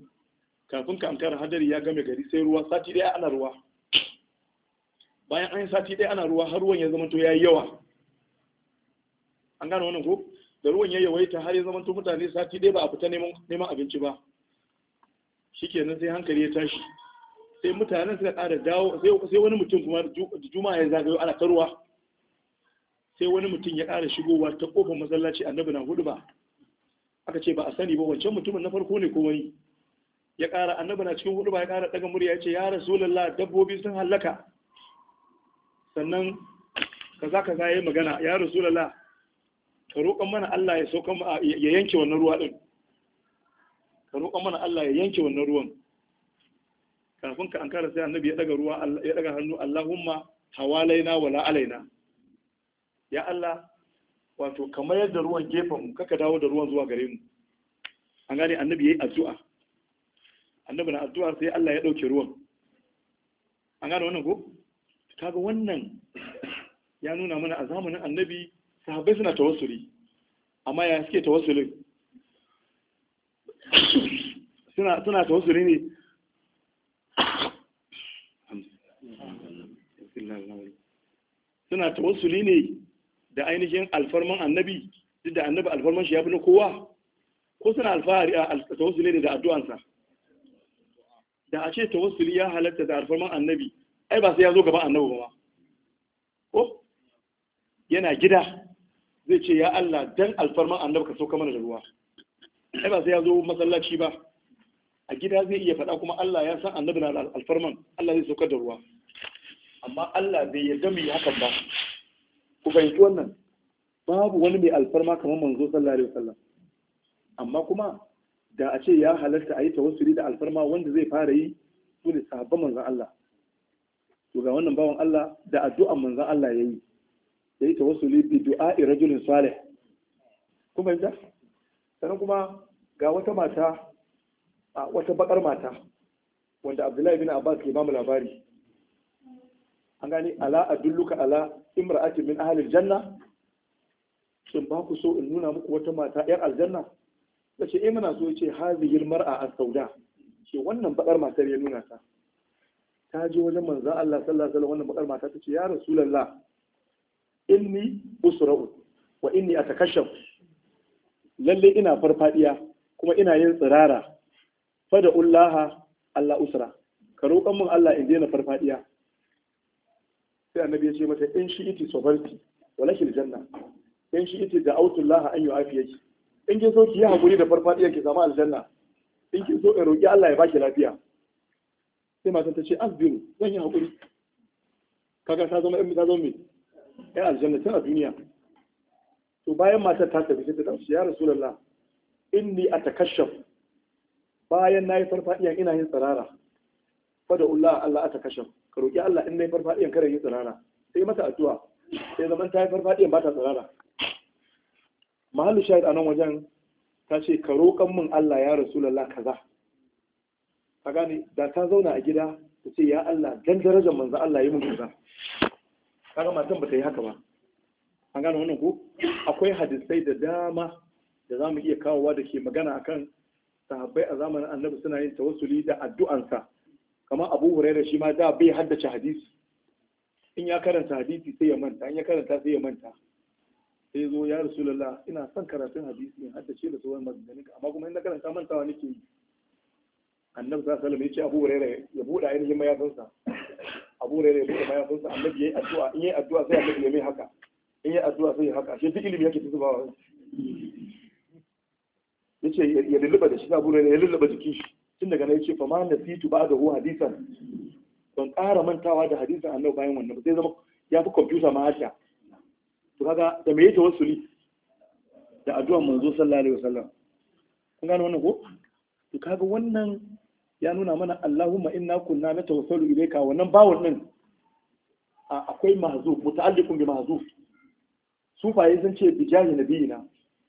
kafin ka ankara hadari ya game gari sai ruwa sati ɗaya ana ruwa bayan an yi sati ɗaya ana ruwa har ruwan ya zama to ya yi yawa an gano wannan ko da ruwan ya yawaita har ya zama to mutane sati ɗaya ba a fita neman abinci ba shikenan sai hankali ya tashi sai mutanen suka ƙara dawo sai wani mutum kuma juma'a ya zagayo ana ta sai wani mutum ya ƙara shigowa ta ƙofar masallaci annabi na hudu ba aka ce ba a sani ba wancan mutumin na farko ne ko wani ya ƙara annabi na cikin hudu ba ya ƙara ɗaga murya ya ce ya rasulullah dabbobi sun hallaka sannan kaza kaza yayi magana ya rasulullah ka roƙon mana Allah ya sauka ya yanke wannan ruwa ɗin ka roƙon mana Allah ya yanke wannan ruwan kafin ka ankara sai annabi ya daga ruwa ya hannu Allahumma hawalaina wala alaina ya Allah wato kamar yadda ruwan gefen mu kaka dawo da ruwan zuwa gare mu an gane annabi yayi addu'a annabi na addu'a sai Allah ya dauke ruwan an gane wannan ko kaga wannan ya nuna mana a zamanin annabi sahabbai suna tawassuli amma ya suke tawassuli suna suna tawassuli ne suna tawassuli ne da ainihin alfarman annabi duk da annabi alfarman shi ya fi na kowa ko suna alfahari a tawassuli ne da addu'ansa da a ce tawassuli ya halatta da alfarman annabi ai ba sai ya zo gaban annabi ba ko yana gida zai ce ya Allah dan alfarman annabi ka sauka mana da ruwa ai ba sai ya zo masallaci ba a gida zai iya faɗa kuma Allah ya san annabi na alfarman Allah zai saukar da ruwa amma Allah bai yarda mu yi hakan ba ku fahimci wannan babu wani mai alfarma kamar manzo sallallahu alaihi wasallam amma kuma da a ce ya halarta a yi tawassuli da alfarma wanda zai fara yi su ne sahabban manzan Allah to ga wannan bawan Allah da addu'an manzan Allah ya yi ya yi tawassuli bi du'a'i rajulin sale. kuma yanzu sannan kuma ga wata mata a wata bakar mata wanda Abdullahi bin Abbas ke bamu labari an gani ala adulluka ala imra'atin min ahli janna shin ba ku so in nuna muku wata mata yar aljanna da ce imana eh, so ce hazihil mar'a a sauda ce wannan bakar matar ya nuna ta ta je wajen manza Allah sallallahu alaihi wannan bakar mata ta ce ya rasulullah inni usra'u wa inni atakashaf lalle ina farfadiya kuma ina yin tsirara fada ullaha Allah usra ka roƙon mun Allah in daina farfadiya sai annabi ya ce mata in shi iti sobarti walakin janna in shi iti da autullaha an yu'afiyaki in kin so ki yi hakuri da farfadiyar ki samu aljanna in kin so in roƙi Allah ya baki lafiya sai matan ta ce asbiru zan yi hakuri kaga ta zama in ta zama me ya aljanna tana duniya to bayan matar ta tafi sai ta tafi ya rasulullah inni atakashaf bayan nayi farfadiyan ina yin tsirara fada ulla Allah atakashaf ka roƙi Allah in nayi farfadiyan kare yin tsirara sai mata addu'a sai zaman ta yi farfadiyan ba ta tsirara mahallu shahid a nan wajen ta ce ka roƙon min Allah ya rasulullah kaza ka gane da ta zauna a gida ta ce ya Allah dan darajar manzo Allah ya mun kaza kaga matan ba ta yi haka ba an gane wannan ko akwai hadisai da dama da zamu iya kawowa da ke magana akan sahabbai a zamanin annabi suna yin tawassuli da addu'ansa kamar abu da shi ma da bai haddace hadisi in ya karanta hadisi sai ya manta in ya karanta sai ya manta sai zo ya rasu lalla ina son karatun hadisi in haddace da tsohon maganganun amma kuma ina na karanta mantawa nake yi annabi sallallahu alaihi ya ce abu hurairah ya buɗe ainihin mayafinsa abu rere ya buɗe mayafinsa annabi yi addu'a in yi addu'a sai annabi ya mai haka in yi addu'a sai ya haka shi duk ilimi yake tsubawa yace ya ce ya lullaba da shi abu rere ya lullaba jikin shi tun daga nan ce fa ma nasitu da hu hadisan ban ƙara mantawa da hadisan annabi bayan wannan ba. sai zama ya fi kwamfuta ma haka kaga da me yake wasuli da addu'ar manzo sallallahu alaihi wasallam kun gane wannan ko to kaga wannan ya nuna mana Allahumma inna kunna natawassalu ilayka wannan bawon din akwai mahzu muta'alliqun bi mahzuf sufaye sun ce bijahi nabiyina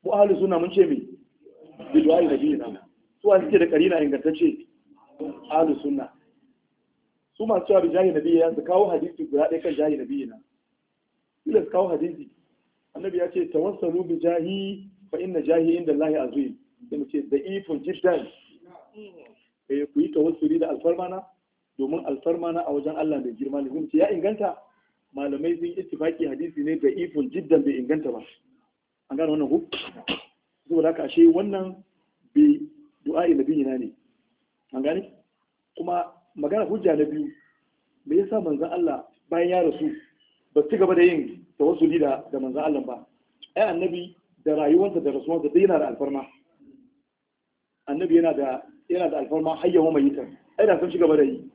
mu ahli sunna mun ce me bijahi nabiyina su an ce da karina ingantacce ahli sunna su masu cewa bijahi nabiyina su kawo hadisi guda ɗaya kan jahi nabiyina ila su kawo hadisi annabi ya ce tawassalu bi jahi fa inna jahi inda lahi azim sai ce da ifun jiddan eh ku yi tawassuli da alfarmana domin alfarmana a wajen Allah da girma ne mu ce ya inganta malamai sun ittifaki hadisi ne da ifun jiddan bai inganta ba an gane wannan ku zuwa haka ashe wannan bi du'a'i nabiyina ne an gane kuma magana hujja na biyu me yasa manzon Allah bayan ya rasu ba su gaba da yin tawassuli da da manzo Allah ba ai annabi da rayuwarsa da rasuwarsa duk yana da alfarma annabi yana da yana da alfarma hayya wa mayyita ai da sun shiga gaba da yi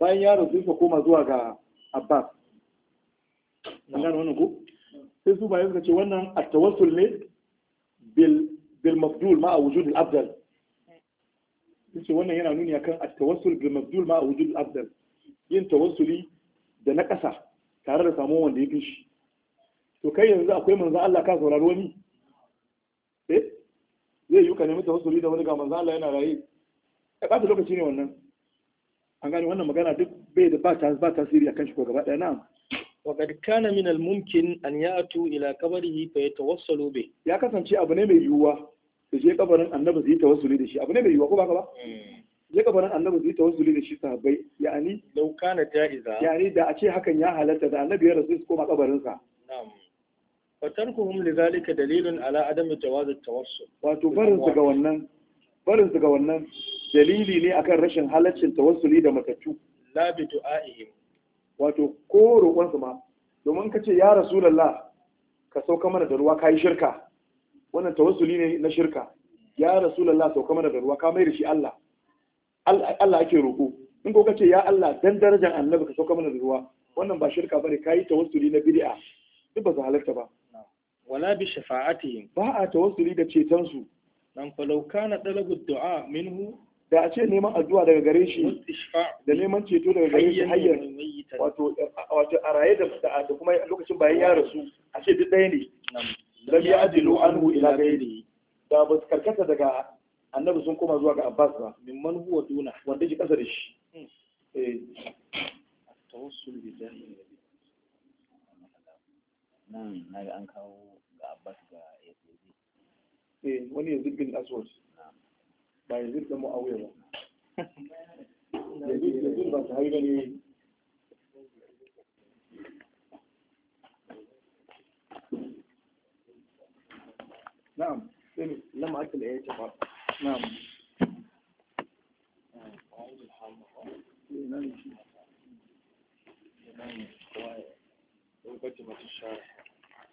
bayan ya rasu suka koma zuwa ga Abbas an gane wannan ko sai su bayan suka ce wannan at-tawassul ne bil bil mafdul ma'a wujud al-afdal sai wannan yana nuni akan at-tawassul bil mafdul ma'a wujud al-afdal yin tawassuli da na ƙasa tare da samuwan wanda ya fi shi to kai yanzu akwai manzo Allah ka saurari wani eh zai yi ka nemi tawassuli da wani ga manzo Allah yana raye ya ɓata lokaci ne wannan an gane wannan magana duk bai da ba tasiri a kan shi ko gaba daya na'am وقد كان من الممكن أن يأتوا إلى قبره فيتوصلوا به يا كسان شيء أبني ميوا da shi abu ne mai yuwa ko ba ka ba hmm. je kabarin annabi zai tawassuli da shi sahabbai ya'ani law kana ja'iza Ya'ani da a ce hakan ya halatta da annabi ya rasu su koma kabarin sa na'am fatarkuhum lidhalika dalilun ala adami jawaz at-tawassul wato barin su ga wannan barin su ga wannan dalili ne akan rashin halaccin tawassuli da matattu la bi du'a'ihim wato ko roƙon su ma domin kace ya rasulullah ka sauka mana da ruwa kai shirka wannan tawassuli ne na shirka ya rasulullah sauka mana da ruwa ka mai da shi Allah Allah ake roƙo in ko kace ya Allah dan darajar annabi ka sauka mana da ruwa wannan ba shirka bane kai tawassuli na bid'a duk ba su halarta ba wala bi shafa'atihim ba a tawassuli da ceton su dan law kana dalabu du'a minhu da a ce neman addu'a daga gare shi da neman ceto daga gare shi hayyar wato wato a raye da da kuma lokacin bayan ya rasu a ce duk ɗaya ne lam ya ajilu anhu ila ghairi da ba su karkata daga annabi sun koma zuwa ga Abbas ba min man huwa duna wanda ji kasa da shi hmm. eh tawassul bi jahili nan na ga an kawo ga abbas ga yazid eh wani yazid bin aswad ba yazid da ba yazid ba sahabi bane na'am sai lamma akal ya ce ba na'am Thank you.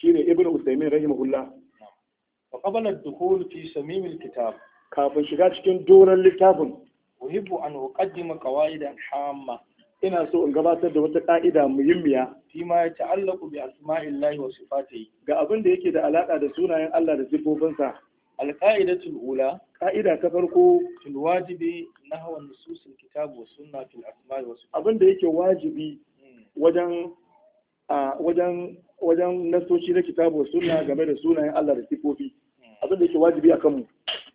shine ibn usaimin rahimahullah wa qabala dukhul fi samim al-kitab kafin shiga cikin doron littafin uhibbu an uqaddima qawaidan hamma ina so in gabatar da wata ka'ida muhimmiya fi ma ya ta'allaku bi asma'illahi wa sifatihi ga abin da yake da alaka da sunayen Allah da sifofinsa al-qa'idatul ula ka'ida ta farko fil wajibi nahwa nusus al-kitab wa sunna fil asma'i wa sifatihi abin da yake wajibi hmm. wajen a wajen wajen nasoci na kitabu suna game da sunayen Allah da sifofi abin da yake wajibi a kanmu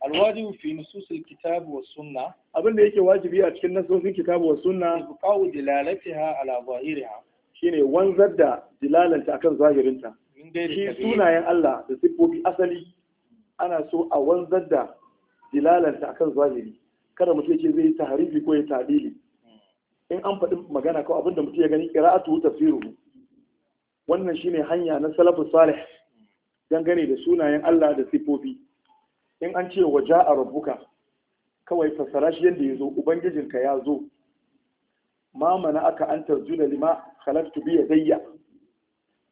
alwajibu fi nususil kitabu wa sunna abin da yake wajibi a cikin nasosin kitabu was sunna buqa'u dilalatiha ala zahiriha shine wanzar da dilalanta akan zahirinta shi sunayen Allah da sifofi asali ana so a wanzar da dilalanta akan zahiri kada mutum yake zai yi tahrifi ko ya tadili hmm. in an faɗi magana ko abin da mutum ya gani qira'atu tafsiruhu wannan shine hanya na salafus salih dangane da sunayen Allah da sifofi in an ce waja a rabbuka kawai fassara shi yadda ya zo ubangijinka ya zo ma mana aka an tarjuna lima halaktu bi yadayya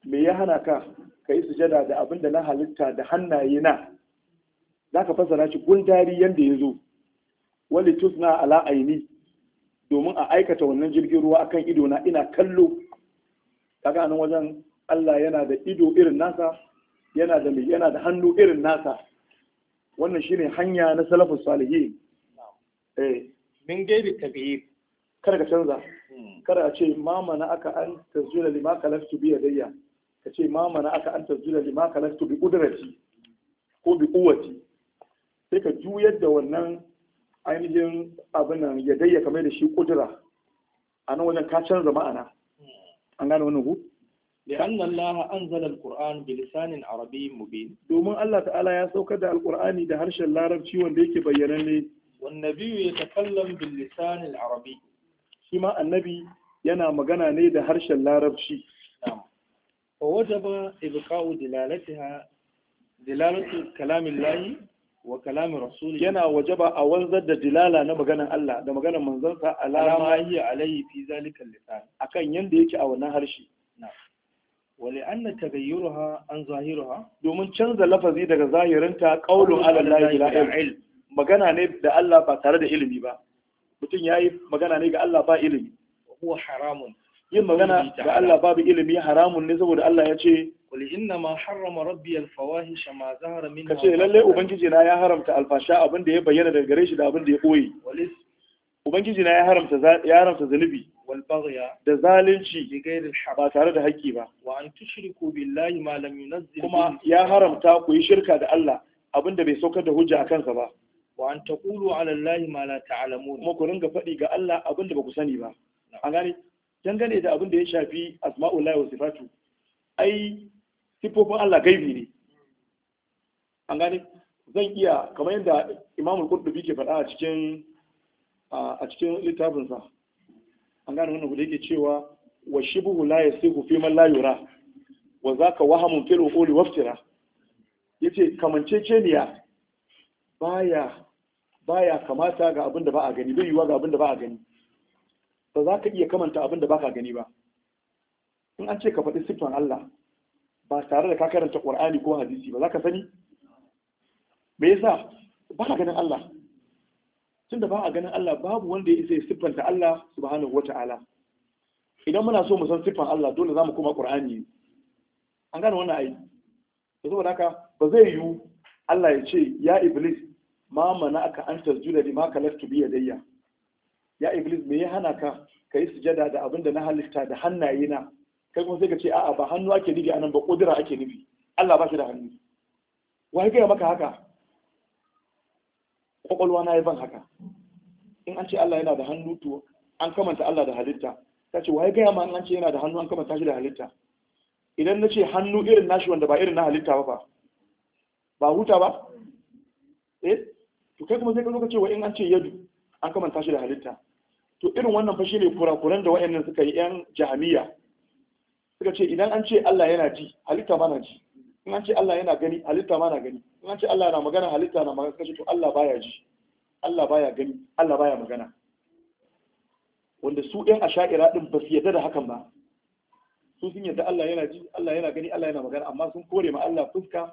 me ya hana ka ka yi sujada da abin da na halitta da hannaye na za ka fassara shi gundari yadda ya zo wali tusna ala aini domin a aikata wannan jirgin ruwa akan ido na ina kallo kaga nan wajen Allah yana da ido irin nasa yana da mai yana da hannu irin nasa wannan shine hanya na salafus salihin eh. min gaibi tabi'i kada ka canza hmm. kada a ce mama na aka an tazjula lima kalaftu bi yadayya ka ce mama na aka an tazjula lima kalaftu bi qudrati ko bi quwwati sai ka juyar da wannan ainihin abinan yadayya kamar da shi kudura a nan wajen ka canza ma'ana hmm. an gane wannan ku لأن الله أنزل القرآن بلسان عربي مبين دومن الله تعالى يا سوكر ده القرآن ده هرش اللارب شي وان ديكي بيانني والنبي يتكلم باللسان العربي شما النبي ينا مغانا ني ده هرش اللارب شي نعم ووجب إبقاء دلالتها دلالة كلام الله wa kalamin rasuli yana wajaba a wanzar da dilala na maganan Allah da maganan manzansa alama hiya alayhi fi zalikal lisan akan yanda yake a wannan harshe wale an na tagayyuruha an zahiruha domin canza lafazi daga zahirinta qaulun ala la ilaha ilm magana ne da Allah ba tare da ilimi ba mutum ya yi magana ne ga Allah ba ilimi huwa haramun yin magana ga Allah babu ilimi haramun ne saboda Allah ya ce wale inna ma harrama rabbi al ma zahara minha kace lalle ubangiji na ya haramta alfasha abin da ya bayyana daga gare shi da abin da ya koyi ubangiji na ya haramta ya haramta zanubi wal baghya da zalunci bi ba tare da haƙƙi ba wa an tushriku billahi ma lam yunzil kuma ya haramta ku yi shirka da Allah abinda bai saukar da hujja akan sa ba wa an taqulu ala llahi ma la ta'lamun kuma ku ringa faɗi ga Allah abinda ba ku sani ba an gane dangane da abinda ya shafi asma'ullahi wa sifatu ai sifofin Allah gaibi ne an gane zan iya kamar yadda imamul qurtubi ke faɗa a cikin a cikin littafinsa an gane wannan da yake cewa wa shibuhu la yasihu fi man la yura wa zaka wahamun fil uquli waftira yace kamanceceniya baya baya kamata ga abin da ba a gani bai yiwa ga abin da ba a gani ba za ka iya kamanta abin da ba gani ba in an ce ka faɗi siffan Allah ba tare da ka karanta Qur'ani ko hadisi ba za ka sani me yasa ba ka ganin Allah Tun da ba a ganin Allah babu wanda ya isa ya siffanta Allah subhanahu wata'ala idan muna so mu san siffan Allah dole za mu kuma Qur'ani an gane wannan ai to saboda haka ba zai yiwu Allah ya ce ya iblis ma mana aka an tasjuda ka laftu bi yadayya ya iblis me ya hana ka ka yi sujada da abinda na halitta da hannaye na kai kuma sai ka ce a'a ba hannu ake nufi anan ba kudura ake nufi Allah ba shi da hannu wai ga maka haka kwakwalwa na ya ban haka in an ce Allah yana da hannu to an kamanta Allah da halitta ta ce wa ya gaya ma an ce yana da hannu an kamanta shi da halitta idan na ce hannu irin nashi wanda ba irin na halitta ba ba huta ba eh to kai kuma sai ka zo ka ce wa in an ce yadu an kamanta shi da halitta to irin wannan fa shine kurakuran da wayannan suka yi yan jahamiya suka ce idan an ce Allah yana ji halitta ba na ji in an ce Allah yana gani halitta ma na gani in an ce Allah yana magana halitta na magana kace to Allah baya ji Allah baya gani Allah baya magana wanda su ɗan asha'ira din ba su yarda da hakan ba su sun yarda Allah yana ji Allah yana gani Allah yana magana amma sun kore ma Allah fuska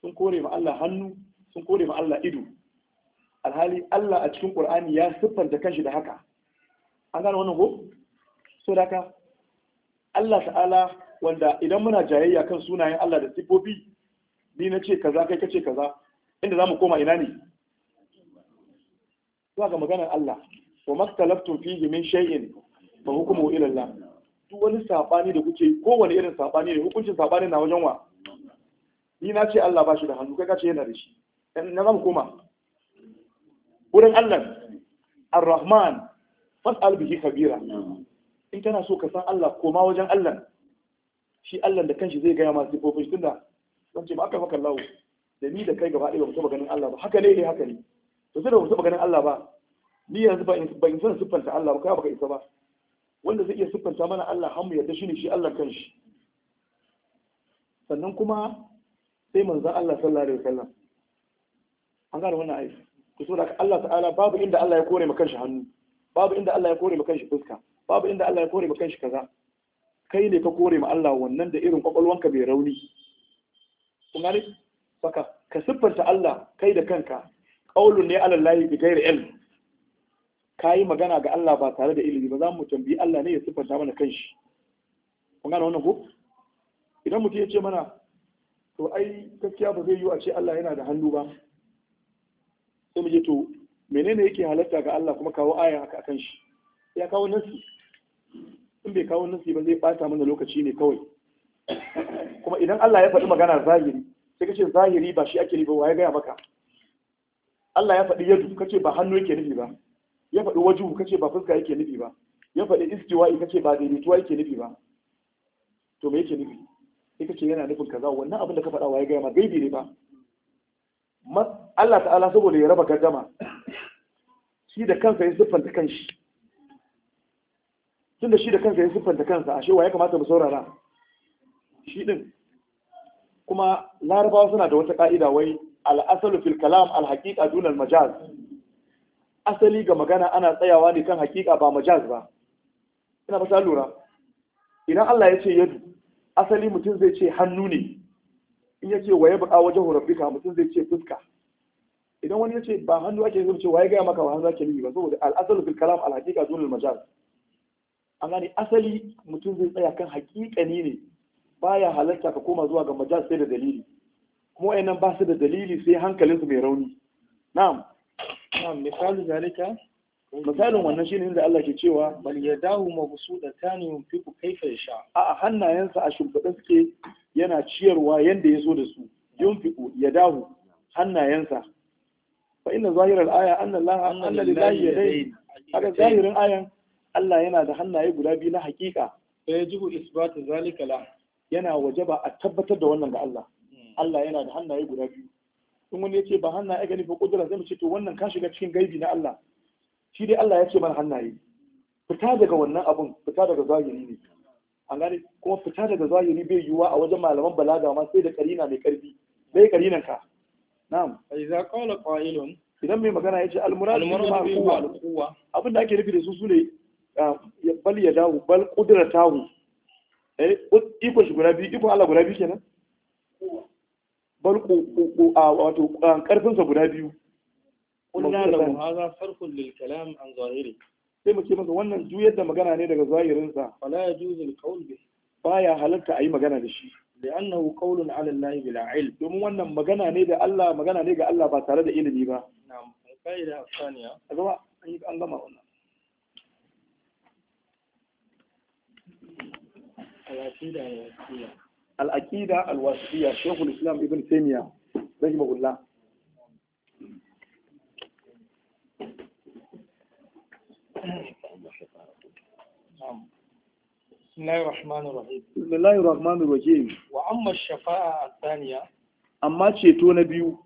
sun kore ma Allah hannu sun kore ma Allah ido alhali Allah a cikin Qur'ani ya siffanta kanshi da haka an gane wannan ko so da Allah ta'ala wanda idan muna jayayya kan sunayen Allah da sifofi ni na ce kaza kai kace kaza inda zamu koma ina ne zuwa ga maganar Allah wa maktalaftum fihi min shay'in fa hukmu ila Allah duk wani sabani da kuke kowane irin sabani ne hukuncin sabani na wajen wa ni na ce Allah ba shi da hannu kai kace yana da shi na zamu koma wurin Allah Ar-Rahman fas'al bihi kabira in kana so ka san Allah koma wajen Allah shi Allah da kanshi zai gaya masu sifofin shi tunda ban ce ba aka maka lawo da ni da kai gaba ɗaya ba mu taɓa ganin Allah ba haka ne eh haka ne to sai da mu taɓa ganin Allah ba ni yanzu ba in ban san siffanta Allah ba kai baka isa ba wanda zai iya siffanta mana Allah har mu yarda shi ne shi Allah kanshi sannan kuma sai manzon Allah sallallahu alaihi wasallam an gane wannan ayi ku so da Allah ta'ala babu inda Allah ya kore maka kanshi hannu babu inda Allah ya kore maka kanshi fuska babu inda Allah ya kore maka kanshi kaza kai ne ka kore ma Allah wannan da irin kwakwalwanka bai rauni Kuma ne, baka ka siffanta Allah kai da kanka qaulun ne ala lahi bi ghairi ilm kai magana ga Allah ba tare da ilimi ba za mu tambayi Allah ne ya siffanta mana kanshi kun gane wannan ko idan mutum ya ce mana to ai gaskiya ba zai yiwu a ce Allah yana da hannu ba sai mu je to menene yake halatta ga Allah kuma kawo aya haka akan shi ya kawo nasi. in bai kawo nasi ba zai bata mana lokaci ne kawai kuma idan Allah ya faɗi magana zahiri sai kace zahiri ba shi ake nufi ba ya gaya maka Allah ya faɗi yadu kace ba hannu yake nufi ba ya faɗi waju kace ba fuska yake nufi ba ya faɗi istiwa'i kace ba daidaituwa yake nufi ba to me yake nufi sai kace yana nufin kaza wannan abin da ka faɗa wa ya gaya ma gaibi ne ba Allah ta'ala saboda ya raba gardama shi da kansa ya siffanta kanshi tun da shi da kansa ya siffanta kansa ashe wa ya kamata mu saurara shi din kuma larabawa suna da wata ka'ida wai al'asalu fil kalam al haqiqa majaz asali ga magana ana tsayawa ne kan haqiqa ba majaz ba ina fata lura idan Allah ya ce yadu asali mutum zai ce hannu ne in yace waye baka wajen rabbika mutum zai ce fuska idan wani ya ce ba hannu ake zai ce waye ga maka ba hannu ake nuni ba saboda al'asalu fil kalam al haqiqa majaz amma ne asali mutum zai tsaya kan hakikani ne baya halarta ka koma zuwa ga majal sai da dalili kuma wayannan ba su da dalili sai hankalinsu mai rauni na'am na'am misalin zalika misalin wannan shine inda Allah ke cewa bal yadahu mabsudatan yunfiqu kayfa yasha a hannayensa a shimfiɗe suke yana ciyarwa yanda ya so da su yunfiqu yadahu hannayensa fa inna zahirar aya anna Allah anna lillahi yadayn haka zahirin ayan Allah yana da hannaye guda biyu na hakika fa yajibu isbatu zalika la yana wajaba a tabbatar da wannan ga Allah hmm. Allah yana da hannaye guda biyu in wani yace ba hannaye gani ba kudura zai mu ce to wannan ka shiga cikin gaibi na Allah shi dai Allah ya ce mana hannaye fita daga wannan abun fita daga zahiri ne an gane kuma fita daga zahiri bai yiwuwa a wajen malaman balaga ma sai da karina mai karfi bai karinan ka na'am fa idza qala qa'ilun idan mai magana yace al-murad bi ma'quwa abin da ake nufi da su ne. bal ya dawo, bal kudura tahu eh iko shi guda biyu iko Allah guda biyu kenan bal ku ku a wato karfin sa guda biyu qulna lahu hadha farqun lil kalam an zahiri sai muke ce masa wannan juyar da magana ne daga zahirin sa fala yajuzu al qawl bi baya halatta ayi magana da shi لأنه قول على الله بلا علم دوم wannan magana ne da Allah magana ne ga Allah ba tare da ilimi ba na'am fa'ida thaniya kaga an yi an gama wannan al’aƙida al’wasiya shekul islam ibn taimiyya zai magulla bismillahir rahmanir rahim wa amma shafa'a athaniya amma ceto na biyu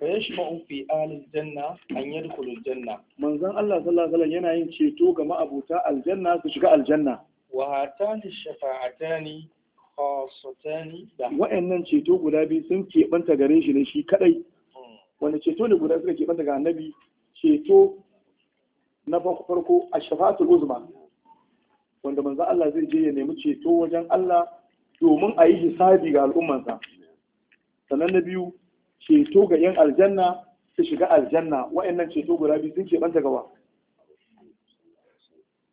fayashma'u fi ahli aljanna an yadkhulu aljanna manzon Allah sallallahu alaihi yana yin ceto ga ma'abuta aljanna su shiga aljanna wahatani shafa'atani khasatani da wa'annan ceto guda biyu sun keɓanta gare shi kadai wanda ceto ne guda suka keɓanta ga annabi ceto na farko a shafa'atul uzma wanda manzo Allah zai je ya nemi ceto wajen Allah domin a yi hisabi ga al'ummansa sannan na biyu ceto ga yan aljanna su shiga aljanna ceto guda biyu sun keɓanta gawa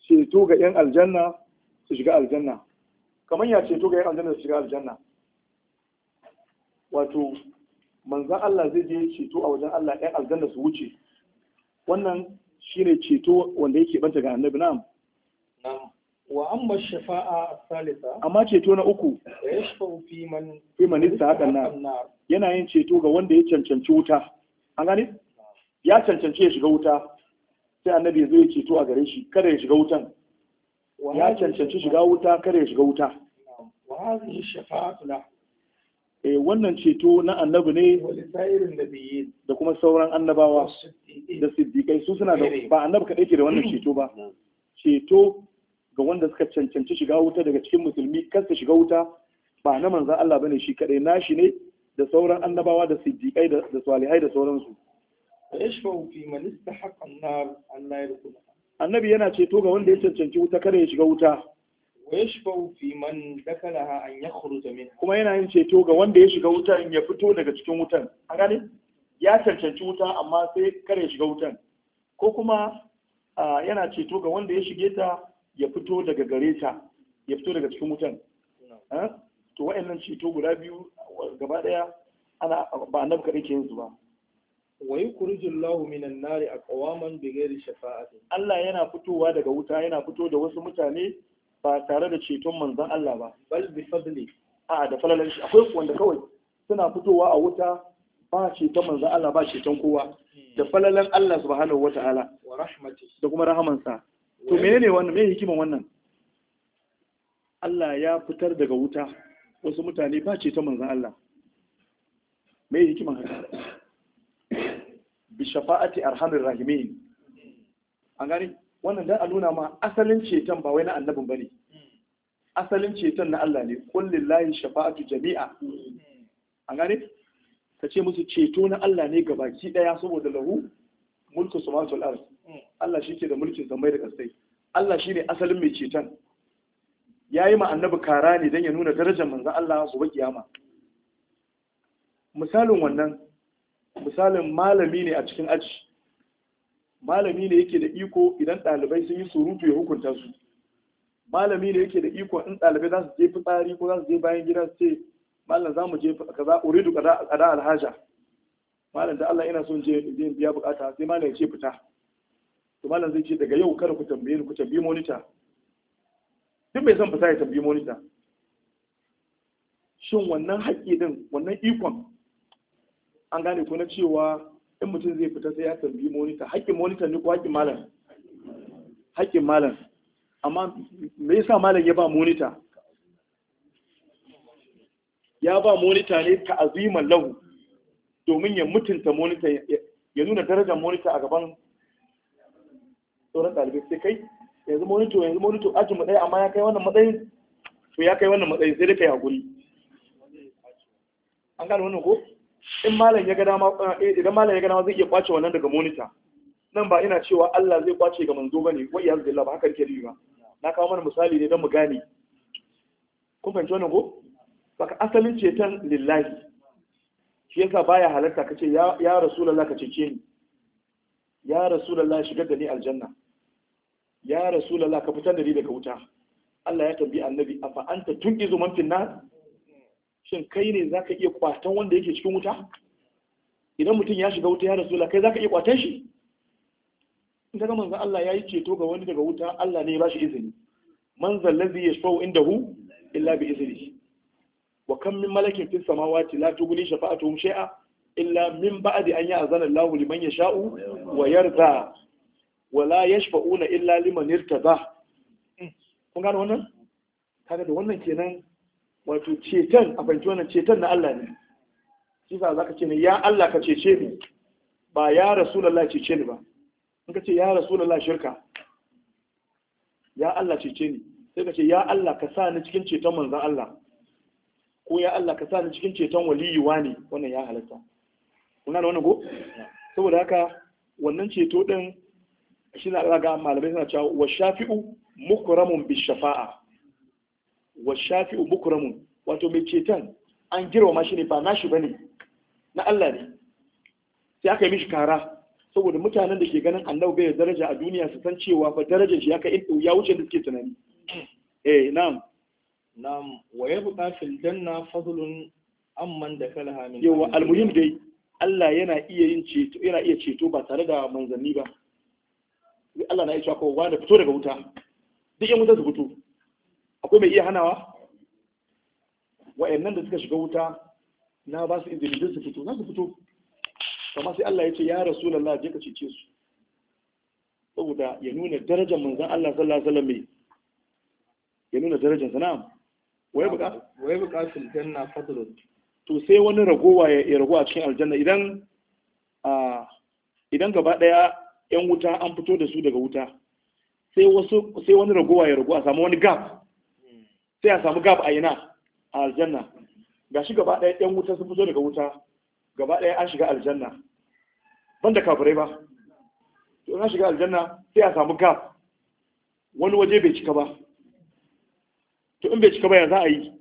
ceto ga yan aljanna su shiga aljanna kamar ya ceto ga yan aljanna su shiga aljanna wato manzan Allah zai je ceto a wajen Allah yan aljanna su wuce wannan shine ceto wanda yake banta ga annabi na'am na'am wa amma shafa'a salisa amma ceto na uku yashfa'u fi man fi man istahaqa na, yana yin ceto ga wanda ya cancanci wuta an gane ya cancanci ya shiga wuta sai annabi ya zo ya ceto a gare shi kada ya shiga wutan ya cancanci shiga wuta kare ya shiga wuta eh wannan ceto na annabi ne da kuma sauran annabawa da siddiqai su suna da ba annabi kadai ke da wannan ceto ba ceto ga wanda suka cancanci shiga wuta daga cikin musulmi kar su shiga wuta ba na manzan Allah bane shi kadai nashi ne da sauran annabawa da siddiqai da salihai da sauransu yashfa'u fi man istahaqqa an-nar an la annabi yana ceto ga wanda ya cancanci wuta kada ya shiga wuta wa man an kuma yana yin ceto ga wanda ya shiga wutan ya fito daga cikin wutan a gane ya cancanci wuta amma sai kada ya shiga wutan ko kuma yana ceto ga wanda ya shige ta ya fito daga gare ta ya fito daga cikin wutan to wa'annan ceto guda biyu gaba daya ana ba annabi kada ke yin su ba wa yukhrijullahu minan nari kawaman bigari shafa'ati Allah yana fitowa daga wuta yana fito da wasu mutane ba tare da ceton manzan Allah ba bal bi fadli a da falalan shi akwai wanda kawai suna fitowa a wuta ba ceton manzan Allah ba ceton kowa hmm. da falalan Allah subhanahu wata'ala wa rahmati da kuma rahamansa to menene wannan me hikiman wannan Allah ya fitar daga wuta wasu mutane ba ceton manzan Allah me hikiman haka bi shafa'ati arhamir rahimin an gani wannan dan a nuna ma asalin ceton ba wai na annabin bane asalin ceton na Allah ne qul lillahi shafa'atu jami'a an gani ka ce musu ceto na Allah ne ga baki daya saboda lahu mulku samawati wal ard Allah shike da mulkin zamai da kasai Allah shine asalin mai ceton yayi ma annabi kara ne dan ya nuna darajar manzo Allah su ba kiyama misalin wannan misalin malami ne a cikin aji malami ne yake da iko idan ɗalibai sun yi surutu ya hukunta su malami ne yake da iko in ɗalibai za su je fitsari ko za su je bayan gida su ce malam za mu je kaza uridu kaza alhaja malam da Allah ina son je in biya bukata sai malam ya ce fita to malam zai ce daga yau kada ku tambaye ni ku tambayi monitor duk mai son fita ya tambayi monitor shin wannan haƙƙi din wannan ikon an gane ko na cewa in mutum zai fita sai ya tambayi monita haƙƙin monita ne ko haƙƙin malam haƙƙin malam amma me yasa malam ya ba monita ya ba monita ne aziman lahu domin ya mutunta monita ya nuna darajar monita a gaban sauran ɗalibai sai kai yanzu monito yanzu monito ajin mu amma ya kai wannan matsayin to ya kai wannan matsayin sai dai kai hakuri an gane wannan ko in malam ya ga dama eh, idan malam ya ga dama zai iya kwace wannan daga monitor nan ba ina cewa Allah zai kwace ga manzo bane wai ya zalla ba haka ke riba na kawo mana misali ne don mu gane kun fahimci wannan ko baka asalin ceton lillahi shi yasa baya halarta kace ya ya rasulullahi ka ce ni ya rasulullahi shigar da ni aljanna ya rasulullahi ka fitar da ni daga wuta Allah ya tambayi annabi afa anta tunqizu man fi nar shin kai ne za ka iya kwatan wanda yake cikin wuta idan mutum ya shiga wuta ya rasula kai za ka iya kwatan shi in ka manzan Allah ya yi ceto ga wani daga wuta Allah ne ya ba shi izini man zallazi ya shafa inda hu illa bi izini wa kan min malakin fi samawati la tughni shafa'atuhum shay'a illa min ba'di an ya'zana Allahu liman yasha'u wa yarda wa la yashfa'una illa liman irtada kun gano wannan kaga da wannan kenan wato ceton a fahimci wannan ceton na Allah ne shi sa zaka ce ne ya Allah ka cece ni ba ya rasulallah cece ni ba in ka ce ya rasulullah shirka ya Allah cece ni sai ka ce ya Allah ka sa ni cikin ceton manzon Allah ko ya Allah ka sa ni cikin ceton waliyuwa ne wannan ya halatta kuna da wannan ko saboda haka wannan ceto din shi na ga malamai suna cewa wa shafi'u mukramun bi shafa'a wa shafi mukramun wato mai ceton an ma shi ne ba nashi bane na Allah ne sai aka yi mishi kara saboda mutanen da ke ganin annabi bai daraja a duniya su san cewa fa darajar shi aka ya wuce da suke tunani eh na'am na'am wa yabu fil janna fadlun amman dakalaha min yawa almuhim dai Allah yana iya yin ceto yana iya ceto ba tare da manzanni ba Allah na yi cewa ko wanda fito daga wuta duk yan wuta su fito ko mai iya hanawa wa'annan da suka shiga wuta na ba su izini duk su fito na su fito kama sai Allah ya ce ya lallah je ka cece su saboda ya nuna darajar manzan Allah sallallahu alaihi wasallam ya nuna darajar sa na'am waye buka waye buƙatar janna fadlun to sai wani ragowa ya rago a cikin aljanna idan idan gaba daya yan wuta an fito da su daga wuta sai wasu sai wani ragowa ya ragu a samu wani gap sai a samu gab a ina a aljanna gashi gaba ɗaya ɗan wuta sun fito daga wuta gaba ɗaya an shiga aljanna banda kafirai ba to an shiga aljanna sai a samu gab wani waje bai cika ba to in bai cika ba ya za a yi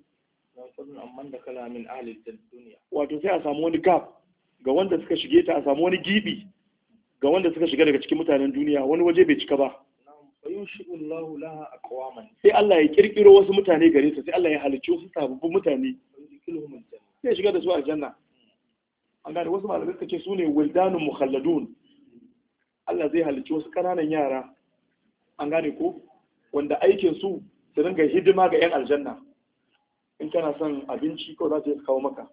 wato sai a samu wani gab ga wanda suka shige ta a samu wani gibi ga wanda suka shiga daga cikin mutanen duniya wani waje bai cika ba sai Allah ya kirkiro wasu mutane gare su sai Allah ya halicci wasu sababbin mutane sai shiga da su aljanna an gane wasu malamai suka ce su ne wildanun mukhalladun Allah zai halicci wasu kananan yara an gane ko wanda aikin su su dinga hidima ga yan aljanna in kana son abinci ko za su kawo maka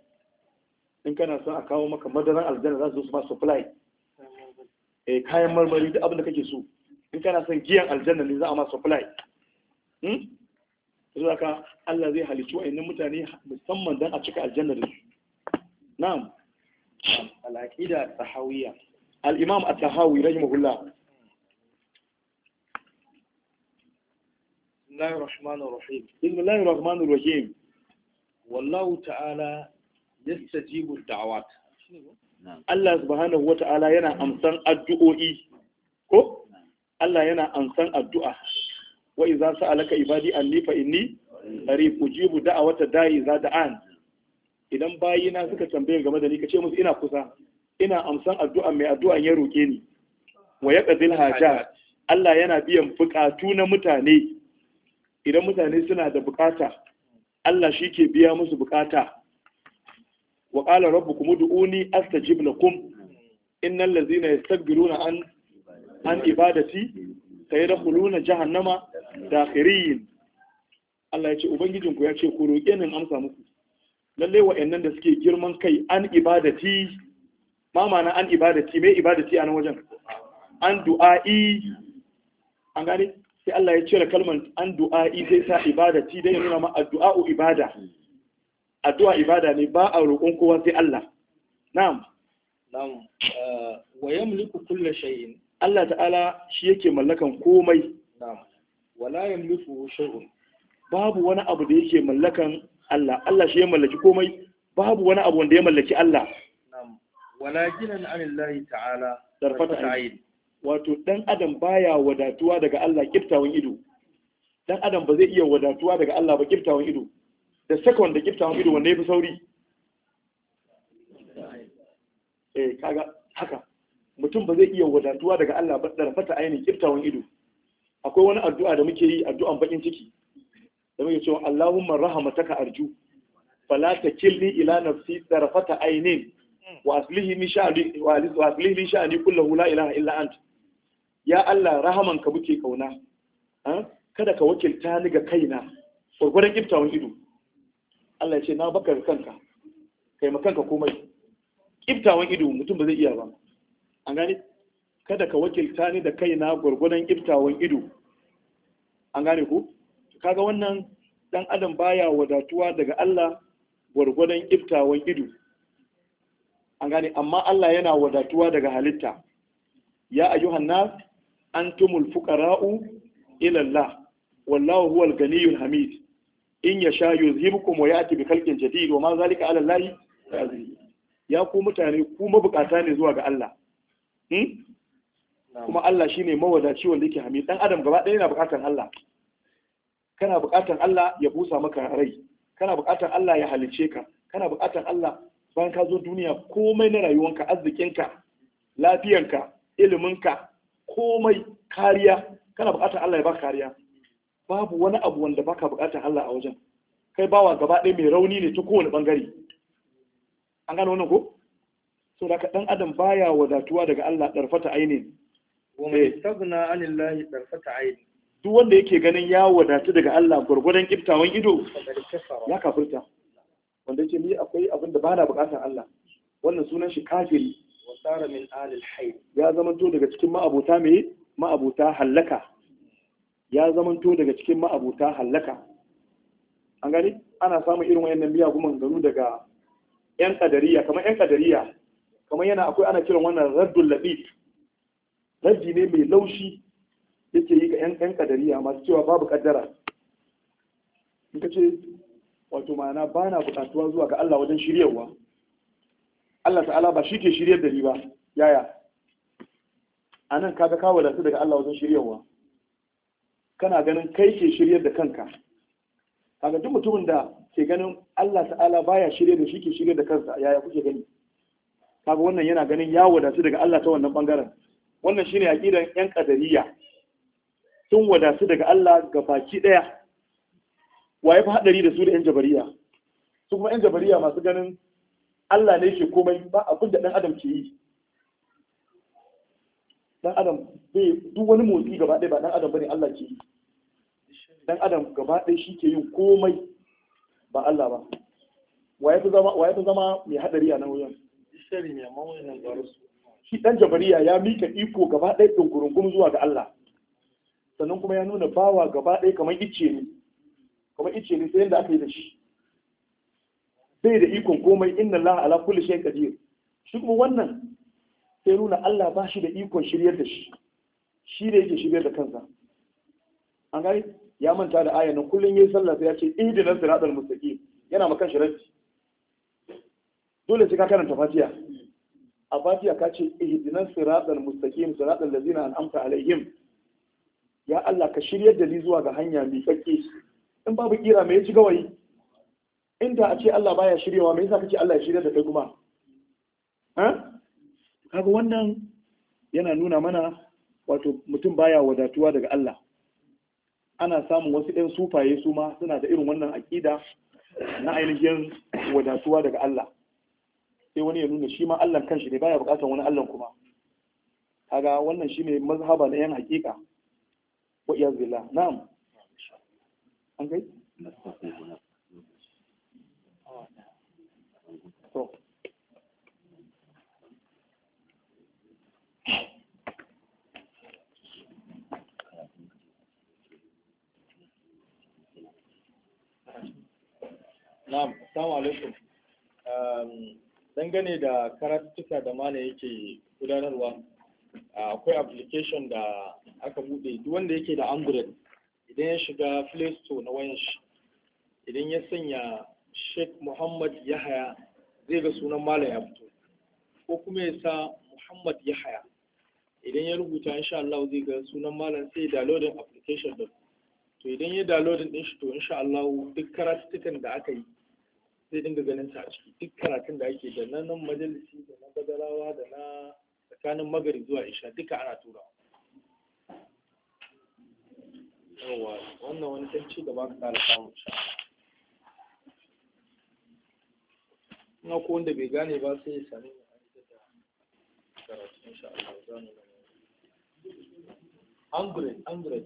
in kana son a kawo maka madaran aljanna za su zo su ma supply eh kayan marmari da abin da kake so in kana son giyan aljanna ne za a ma supply zuwa ka Allah zai halicci wa'annan mutane musamman don a cika aljanna da su na'am al-aqida tahawiyya al-imam at-tahawi rahimahullah بسم الله الرحمن الرحيم بسم الله الرحمن الرحيم والله تعالى يستجيب الدعوات Allah subhanahu wa ta'ala yana amsan addu'o'i ko Allah yana ansan addu'a wa idza sa'alaka ibadi anni fa inni qarib ujibu da'awata da'i za da'an idan bayina suka tambaye game da ni kace musu ina kusa ina amsan addu'a mai addu'an ya roke ni wa yaqdil hajat Allah yana biyan bukatu na mutane idan mutane suna da bukata Allah shi ke biya musu bukata wa qala rabbukum ud'uni astajib lakum innal ladzina yastakbiruna an an ibadati sai da huluna jahannama da dakhirin Allah ya ce ubangijinku ya ce ku roƙe ni amsa muku lalle wa'annan da suke girman kai an ibadati ma mana an ibadati mai ibadati a nan wajen an du'a'i an gane sai Allah ya cire kalmar an du'a'i sai sa ibadati dai ya nuna ma addu'a'u ibada addu'a ibada ne ba a roƙon kowa sai Allah na'am na'am eh, wa yamliku kullu shay'in Allah ta'ala shi yake mallakan komai wala yamliku shay'un babu wani abu da yake mallakan Allah Allah shi ya mallaki komai babu wani abu wanda ya mallaki Allah wala jinan anillahi ta'ala darfata ayin wato dan adam baya wadatuwa daga Allah kiftawan ido dan adam ba zai iya wadatuwa daga Allah ba kiftawan ido da second da kiftawan ido wanda yafi sauri eh kaga haka mutum ba zai iya wadatuwa daga Allah ba da fata ainihin kiftawan ido akwai wani addu'a da muke yi addu'an bakin ciki da muke cewa Allahumma rahmataka arju fala takilni ila nafsi tarfata ainin wa aslihi min sha'ani wa aslihi min sha'ani kullahu la ilaha illa ant ya Allah rahaman ka muke kauna kada ka wakilta ni ga kaina gurgurdan kiftawan ido Allah ya ce na baka kanka kai makanka komai kiftawan ido mutum ba zai iya ba an gane kada ka wakilta ni da kaina gwargwadon iftawan ido an gane ku kaga wannan dan adam baya wadatuwa daga Allah gwargwadon iftawan ido an gane amma Allah yana wadatuwa daga halitta ya ayyuhan nas antumul fuqara'u ila Allah wallahu huwal ganiyul hamid in yasha yuzhibukum wa ya'ti bi khalqin jadid wa ma zalika ala Allah ya ku mutane ku mabukata ne zuwa ga Allah Hmm? kuma Allah shi shine mawadaci wanda yake hami dan adam gaba ɗaya yana buƙatar Allah kana buƙatar Allah ya busa maka rai kana buƙatar Allah ya halice ka kana buƙatar Allah bayan ka zo duniya komai na rayuwanka arzikinka lafiyanka iliminka komai kariya kana buƙatar Allah ya baka kariya babu wani abu wanda baka buƙatar Allah a wajen kai bawa gaba ɗaya mai rauni ne ta kowane ɓangare an gano wannan ko so da dan adam baya wadatuwa daga Allah darfata ainin wa man eh. anillahi darfata ainin duk wanda yake ganin ya wadatu daga Allah gurgurdan kiftawan ido ya kafirta wanda yake ni akwai abin da bana bukatar Allah wannan sunan shi kafiri Wasara min alil hayy ya to daga cikin ma'abuta me ma'abuta halaka ya to daga cikin ma'abuta halaka an gani ana samun irin wayannan biya kuma garu daga yan kadariya kamar yan kadariya kamar yana akwai ana kiran wannan raddul labib raddi ne mai laushi yake yi ga yan yan kadariya masu cewa babu kaddara in ka ce wato ma'ana ba na bukatuwa zuwa ga Allah wajen shiryarwa Allah ta'ala ba shi ke shiryar da ni ba yaya a nan kaga ka su daga Allah wajen shiryarwa kana ganin kai ke shiryar da kanka kaga duk mutumin da ke ganin Allah ta'ala baya shirye da shi ke shirye da kansa yaya kuke gani kaga wannan yana ganin ya wadatu daga Allah ta wannan bangaren wannan shine aqidan yan qadariyya sun wadatu daga Allah ga baki daya waye fa hadari da su da yan jabariya su kuma yan jabariya masu ganin Allah ne ke komai ba abin da dan adam ke yi dan adam bai duk wani motsi gaba ɗaya ba dan adam bane Allah ke yi dan adam gaba ɗaya shi ke yin komai ba Allah ba waye fa zama waye fi zama mai hadari a nan wajen shi dan jabariya ya mika iko gaba ɗaya gurungun zuwa ga Allah sannan kuma ya nuna bawa gaba ɗaya kamar ice ne kamar ice ne sai yadda aka yi da shi bai da ikon komai inna la ala kulli shay'in qadir shi kuma wannan sai nuna Allah ba shi da ikon shiryar da shi shi da yake shiryar da kansa an gani ya manta da ayan nan kullun yayi sallah sai ya ce ihdinas siratal mustaqim yana makan kan shirarci. dole sai ka karanta fatiha a fatiha ka ce ihdinas siratal mustaqim siratal ladzina an'amta alaihim ya Allah ka shiryar da ni zuwa ga hanya mai tsakke in babu kira me yaci gawayi inda a ce Allah baya shiryawa me yasa kace Allah ya shirya da kai kuma ha kaga wannan yana nuna mana wato mutum baya wadatuwa daga Allah ana samun wasu ɗan sufaye su ma suna da irin wannan aƙida na ainihin wadatuwa daga Allah sai wani ya nuna shi ma Allah kanshi ne baya bukatar wani Allah kuma kaga wannan shine mazhaba na yan hakika wa iyaz billah na'am an kai to Na'am, assalamu alaikum. dangane da karatuka da mana yake gudanarwa akwai application da aka bude duk wanda yake da android idan ya shiga play store na wayan shi idan ya sanya sheikh muhammad yahaya zai ga sunan malam ya fito ko kuma ya sa muhammad yahaya idan ya rubuta insha Allah zai ga sunan malam sai ya downloading application din to idan ya downloading din shi to insha Allah duk karatukan da aka yi zai dinga ganin ta a ciki duk karatun da ake da na nan majalisi da na badarawa da na tsakanin magari zuwa isha duka ana tura yawa wannan wani ɗan ci gaba ka kara samun sha na ko wanda bai gane ba sai ya sami da karatu insha Allah za mu Hundred, hundred.